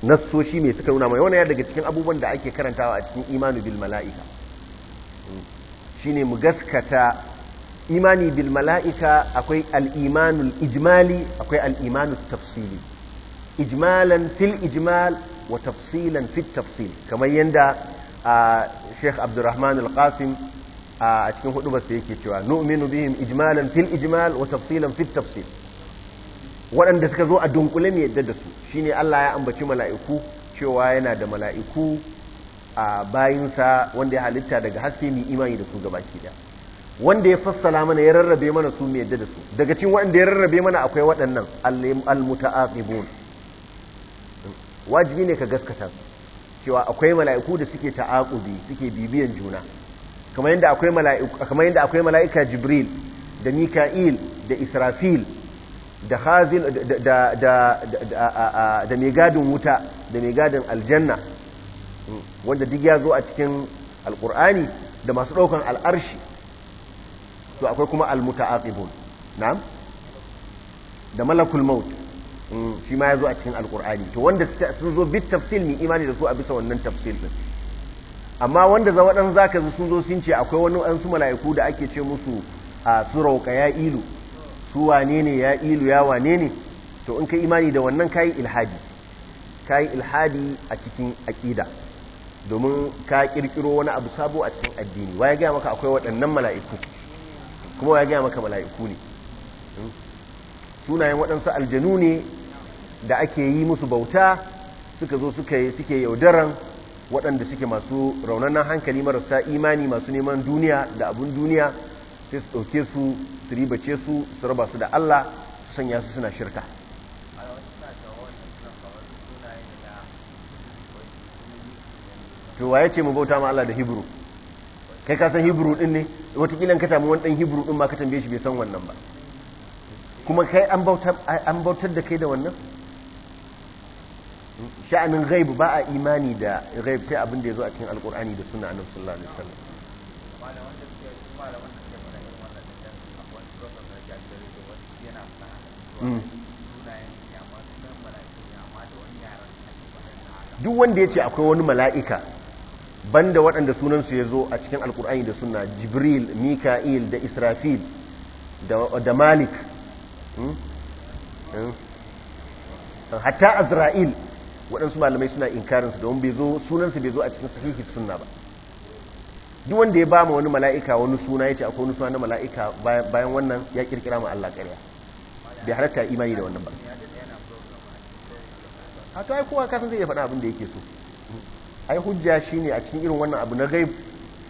nassoshi mai suka nuna mai wani daga cikin abubuwan da ake karantawa a cikin imanu bil mala'ika ne mu gaskata imani bil mala'ika akwai al'imanul ijimali, akwai al'imanul tafsili Ijimalan fil ijimal, wa tafsilan fit tafsil kamar yadda a sheikh abdurrahman al-qasim a cikin hudu ba yake cewa nu'minu bihim ijmalan fil ijmal wa tafsilan fit tafsil waɗanda suka zo a dunkule ne yadda da su shine Allah ya ambaci mala'iku cewa yana da mala'iku a bayinsa wanda ya halitta daga haske mai imani da su ke da wanda ya fassala mana ya rarrabe mana su mai yadda da su daga cikin waɗanda ya rarrabe mana akwai waɗannan al-muta'aqibun wajibi ne ka gaskata su cewa akwai mala'iku da suke ta'aqubi suke bibiyan juna kamar yadda akwai mala'ika jibril da mika'il da israfil da hazin da da mai gadin wuta da mai gadin aljanna wanda duk ya zo a cikin Alƙur'ani da masu ɗaukan al'arshi to akwai kuma al-muta'aqibun da malakul maut shi ma ya zo a cikin alkur'ani to wanda sun zo bit tafsil mai imani da su a bisa wannan tafsil din amma wanda za waɗansu za ka sun zo sun ce akwai wani an su mala'iku da ake ce musu a su rauka ya ilu su wane ne ya ilu ya wane ne to in ka imani da wannan kayi ilhadi kayi ilhadi a cikin aƙida domin ka ƙirƙiro wani abu sabo a cikin addini wa ya gaya maka akwai waɗannan mala'iku kuma wa ya gaya maka mala'iku ne hmm? sunayen waɗansu aljanu ne da ake yi musu bauta suka zo suke yaudaran waɗanda suke masu raunanan hankali marasa imani masu neman duniya da abun duniya sai su ɗauke su su ribace su su raba su da Allah su sanya su suna shirka to waye ce mu bauta ma Allah da Hebrew kai ka san Hebrew din ne wataƙila ka tamu wani ɗan Hebrew din ma ka tambaye shi bai san wannan ba kuma kai an bautar da kai da wannan sha'anin ghaib ba a imani da ghaib sai abin da ya zo a cikin alkur'ani da suna annabi sallallahu alaihi wasallam hmm. duk wanda ya ce akwai wani mala'ika banda waɗanda sunansu ya zo a cikin alkur'ani da suna jibril mika'il da israfil da malik Hmm? Hmm? hatta azra'il waɗansu malamai suna inkarinsu domin bai zo sunansa bai zo a cikin sahihi suna ba duk wanda ya ba ma wani mala'ika wani suna ya ce akwai wani suna na mala'ika bayan wannan ya kirkira ma Allah ƙarya bai halatta imani da wannan ba a to ai kowa kasan zai iya faɗa abin da yake so ai hujja shine a cikin irin wannan abu na gaib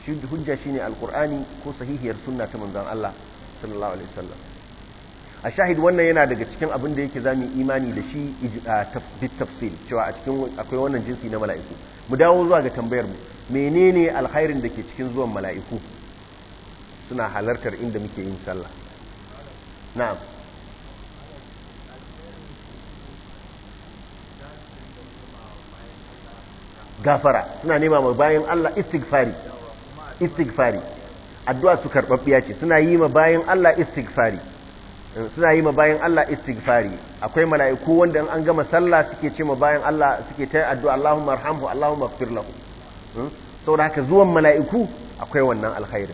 shi hujja shine alqur'ani ko sahihiyar sunna ta manzon Allah sallallahu alaihi wasallam a shahid wannan yana daga cikin abin da yake zamu imani da shi bit tafsil cewa a cikin akwai wannan jinsi na mala'iku mu dawo zuwa ga tambayar mu menene alkhairin da ke cikin zuwan mala'iku suna halartar inda muke yin sallah na'am gafara suna nema ma bayan Allah istighfari istighfari addu'a su karbabbiya ce suna yi ma bayan Allah istighfari suna yi ma bayan Allah istighfari akwai mala'iku wanda an gama sallah suke ce ma bayan Allah suke ta addu'a Allahumma arhamhu Allahumma ighfir lahu hmm? saboda haka zuwan mala'iku akwai wannan alkhairi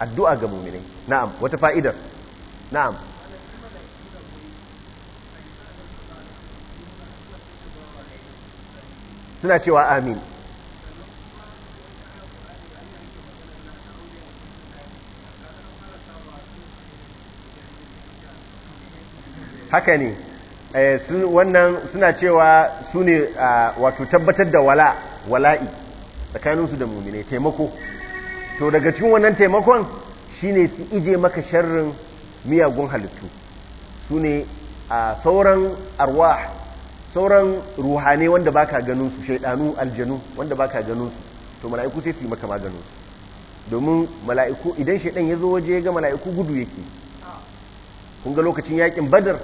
addu'a ga mu'minai na'am wata fa'idar na'am suna cewa amin haka ne eh, wannan suna cewa su ne ah, wato tabbatar da wala wala'i tsakaninsu da mummine taimako to daga cikin wannan taimakon shine su ije maka sharrin miyagun halittu su ne a ah, sauran arwa sauran ruhane wanda baka ganin su shaidanu aljanu wanda baka ganin su to mala'iku sai su yi maka maganinsu, su domin mala'iku idan shaidan ya zo waje ya ga mala'iku gudu yake kun ga lokacin yakin badar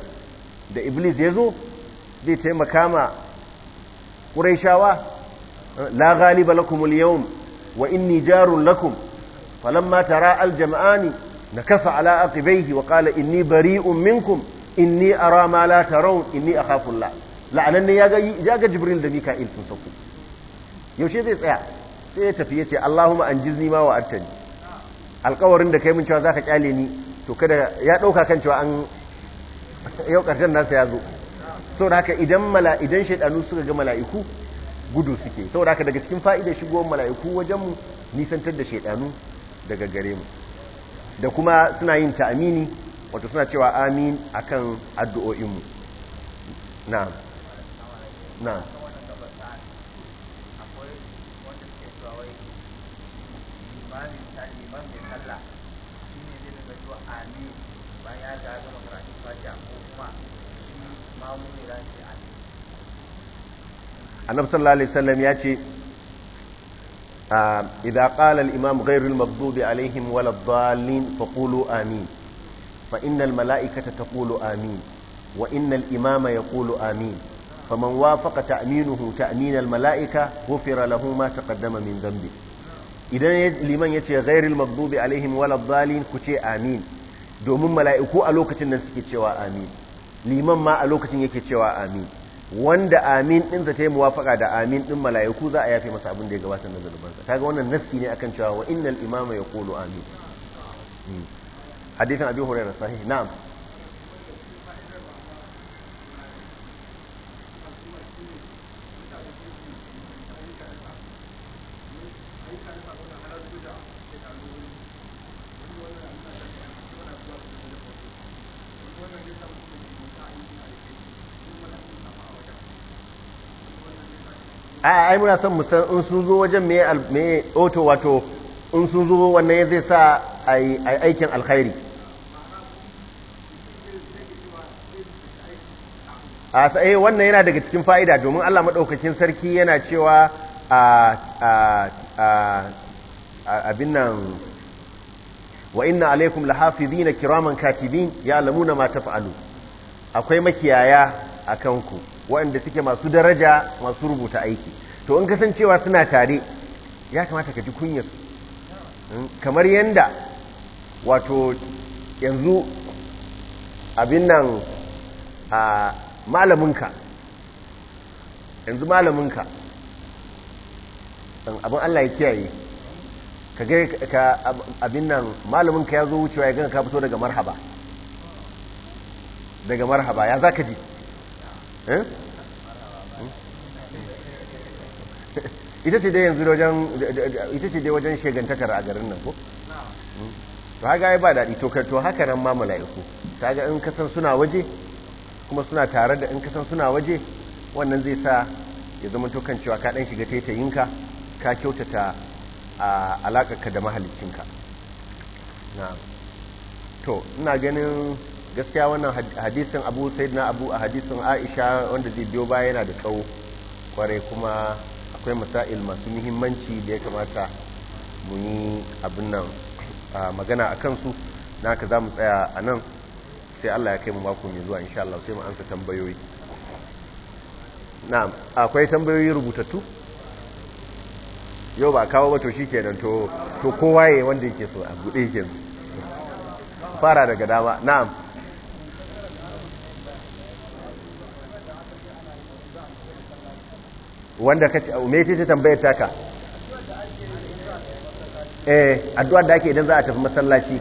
da iblis ya zo zai taimaka ma ƙuraishawa la ghaliba lakum al-yawm wa inni jarun lakum falamma tara al-jam'ani nakasa ala aqibaihi wa qala inni bari'un minkum inni ara ma la tarawun inni akhafu Allah la'anan ya ga jibril da mika'il sun sauko yaushe zai tsaya sai ya tafi ya ce Allahumma anjizni ma wa attani alƙawarin da kai mun cewa zaka kyale ni to kada ya ɗauka kan cewa an yau karshen nasa ya zo da haka idan mala shaidanu suka ga mala'iku gudu suke da haka daga cikin fa'idar shigowar mala'iku wajenmu nisantar da shaidanu daga gare mu da kuma suna yin ta amini wato suna cewa amin akan addu'o'inmu na na. ya ga gama karatun fatiha ko kuma shi mamu ne ran sai an annabi sallallahu alaihi wasallam ya ce ah, idza qala imam ghayr al maghdubi alaihim wal dhalin faqulu amin fa innal malaikata taqulu amin wa imama yaqulu amin فمن وافق تأمينه تأمين الملائكة غفر له ما تقدم من ذنبه idan liman yace ce ghairil maghdubi alaihim waladdalin ku ce amin domin mala'iku a lokacin nan suke cewa amin liman ma a lokacin yake cewa amin wanda amin ɗin za ta yi muwafaka da amin ɗin mala'iku za a yafe masa abin da ya gabatar da zanubansa ga wannan nassi ne akan cewa wa innal imama ya kolo amin hmm. hadisin abin ai muna son musan in sun zo wajen me auto wato in sun zo wannan zai sa ai aikin alkhairi a sai eh, wannan yana daga cikin fa'ida domin Allah madaukakin sarki yana cewa a a abin nan wa inna alaikum na kiraman katibin na ma taf'alu akwai makiyaya akan ku waɗanda suke masu daraja masu rubuta aiki to in kasancewa suna tare ya kamata ka ji kunyar hmm, kamar yanda wato yanzu abin nan a malaminka yanzu malaminka abin Allah ya kiyaye ka ka abin nan malaminka ya zo wucewa ya gana ka fito daga marhaba daga marhaba ya za ka ji hmm? ita ce dai yanzu wajen ita ce a garin nan ko to haka ya ba daɗi to to haka nan ma mala'iku ga in kasan suna waje kuma suna tare da in kasan suna waje wannan zai sa ya zama to cewa ka dan shiga taitayinka ka kyautata a ka da mahalicinka na to ina ganin gaskiya wannan hadisin abu sai na abu a hadisin aisha wanda zai biyo baya yana da tsawo kwarai kuma akwai masail masu muhimmanci da ya kamata mu yi abin nan magana a kansu na ka za mu tsaya a nan sai Allah ya kai mu mako mai zuwa insha Allah sai mu ansa tambayoyi na'am akwai tambayoyi rubutattu yau ba kawo ba to shikenan to to kowa yi wanda yake so a bude yake fara daga dama na'am wanda ka me ce ta tambayar taka eh addu'a da ake idan za a tafi masallaci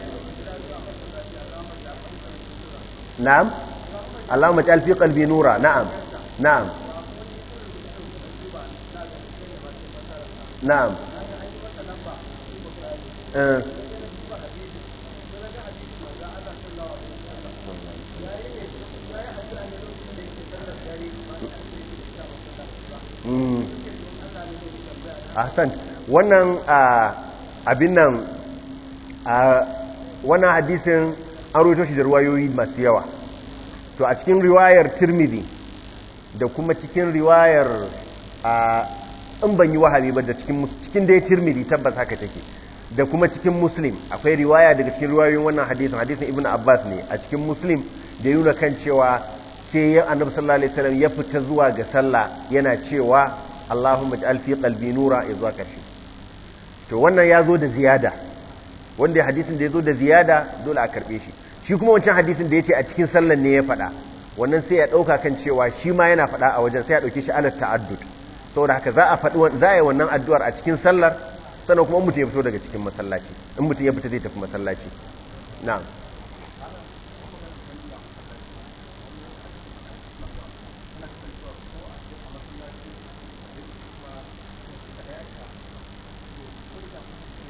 na'am Allahumma ja'al fi qalbi nura na'am na'am na'am eh Mm. ahsan wannan abin nan wannan hadisin an roto shi da ruwayoyi masu yawa to a cikin riwayar tirmidhi da kuma cikin riwayar in ban yi wahabi ba da cikin dai tirmidhi tabbas haka take da kuma cikin muslim akwai riwaya daga cikin ruwayoyin wannan hadisin hadisin ibn abbas ne a cikin muslim da yi kan cewa sai ya annabi sallallahu alaihi wasallam ya fita zuwa ga sallah yana cewa Allahumma ij'al fi qalbi nura zuwa kashi to wannan ya zo da ziyada wanda hadisin da ya zo da ziyada dole a karbe shi shi kuma wancan hadisin da yace a cikin sallan ne ya fada wannan sai ya ɗauka kan cewa shi ma yana faɗa a wajen sai ya dauke shi ala ta'addud saboda haka za a fadi za a yi wannan addu'ar a cikin sallar sannan kuma mutum ya fito daga cikin masallaci in mutum ya fita zai tafi masallaci na'am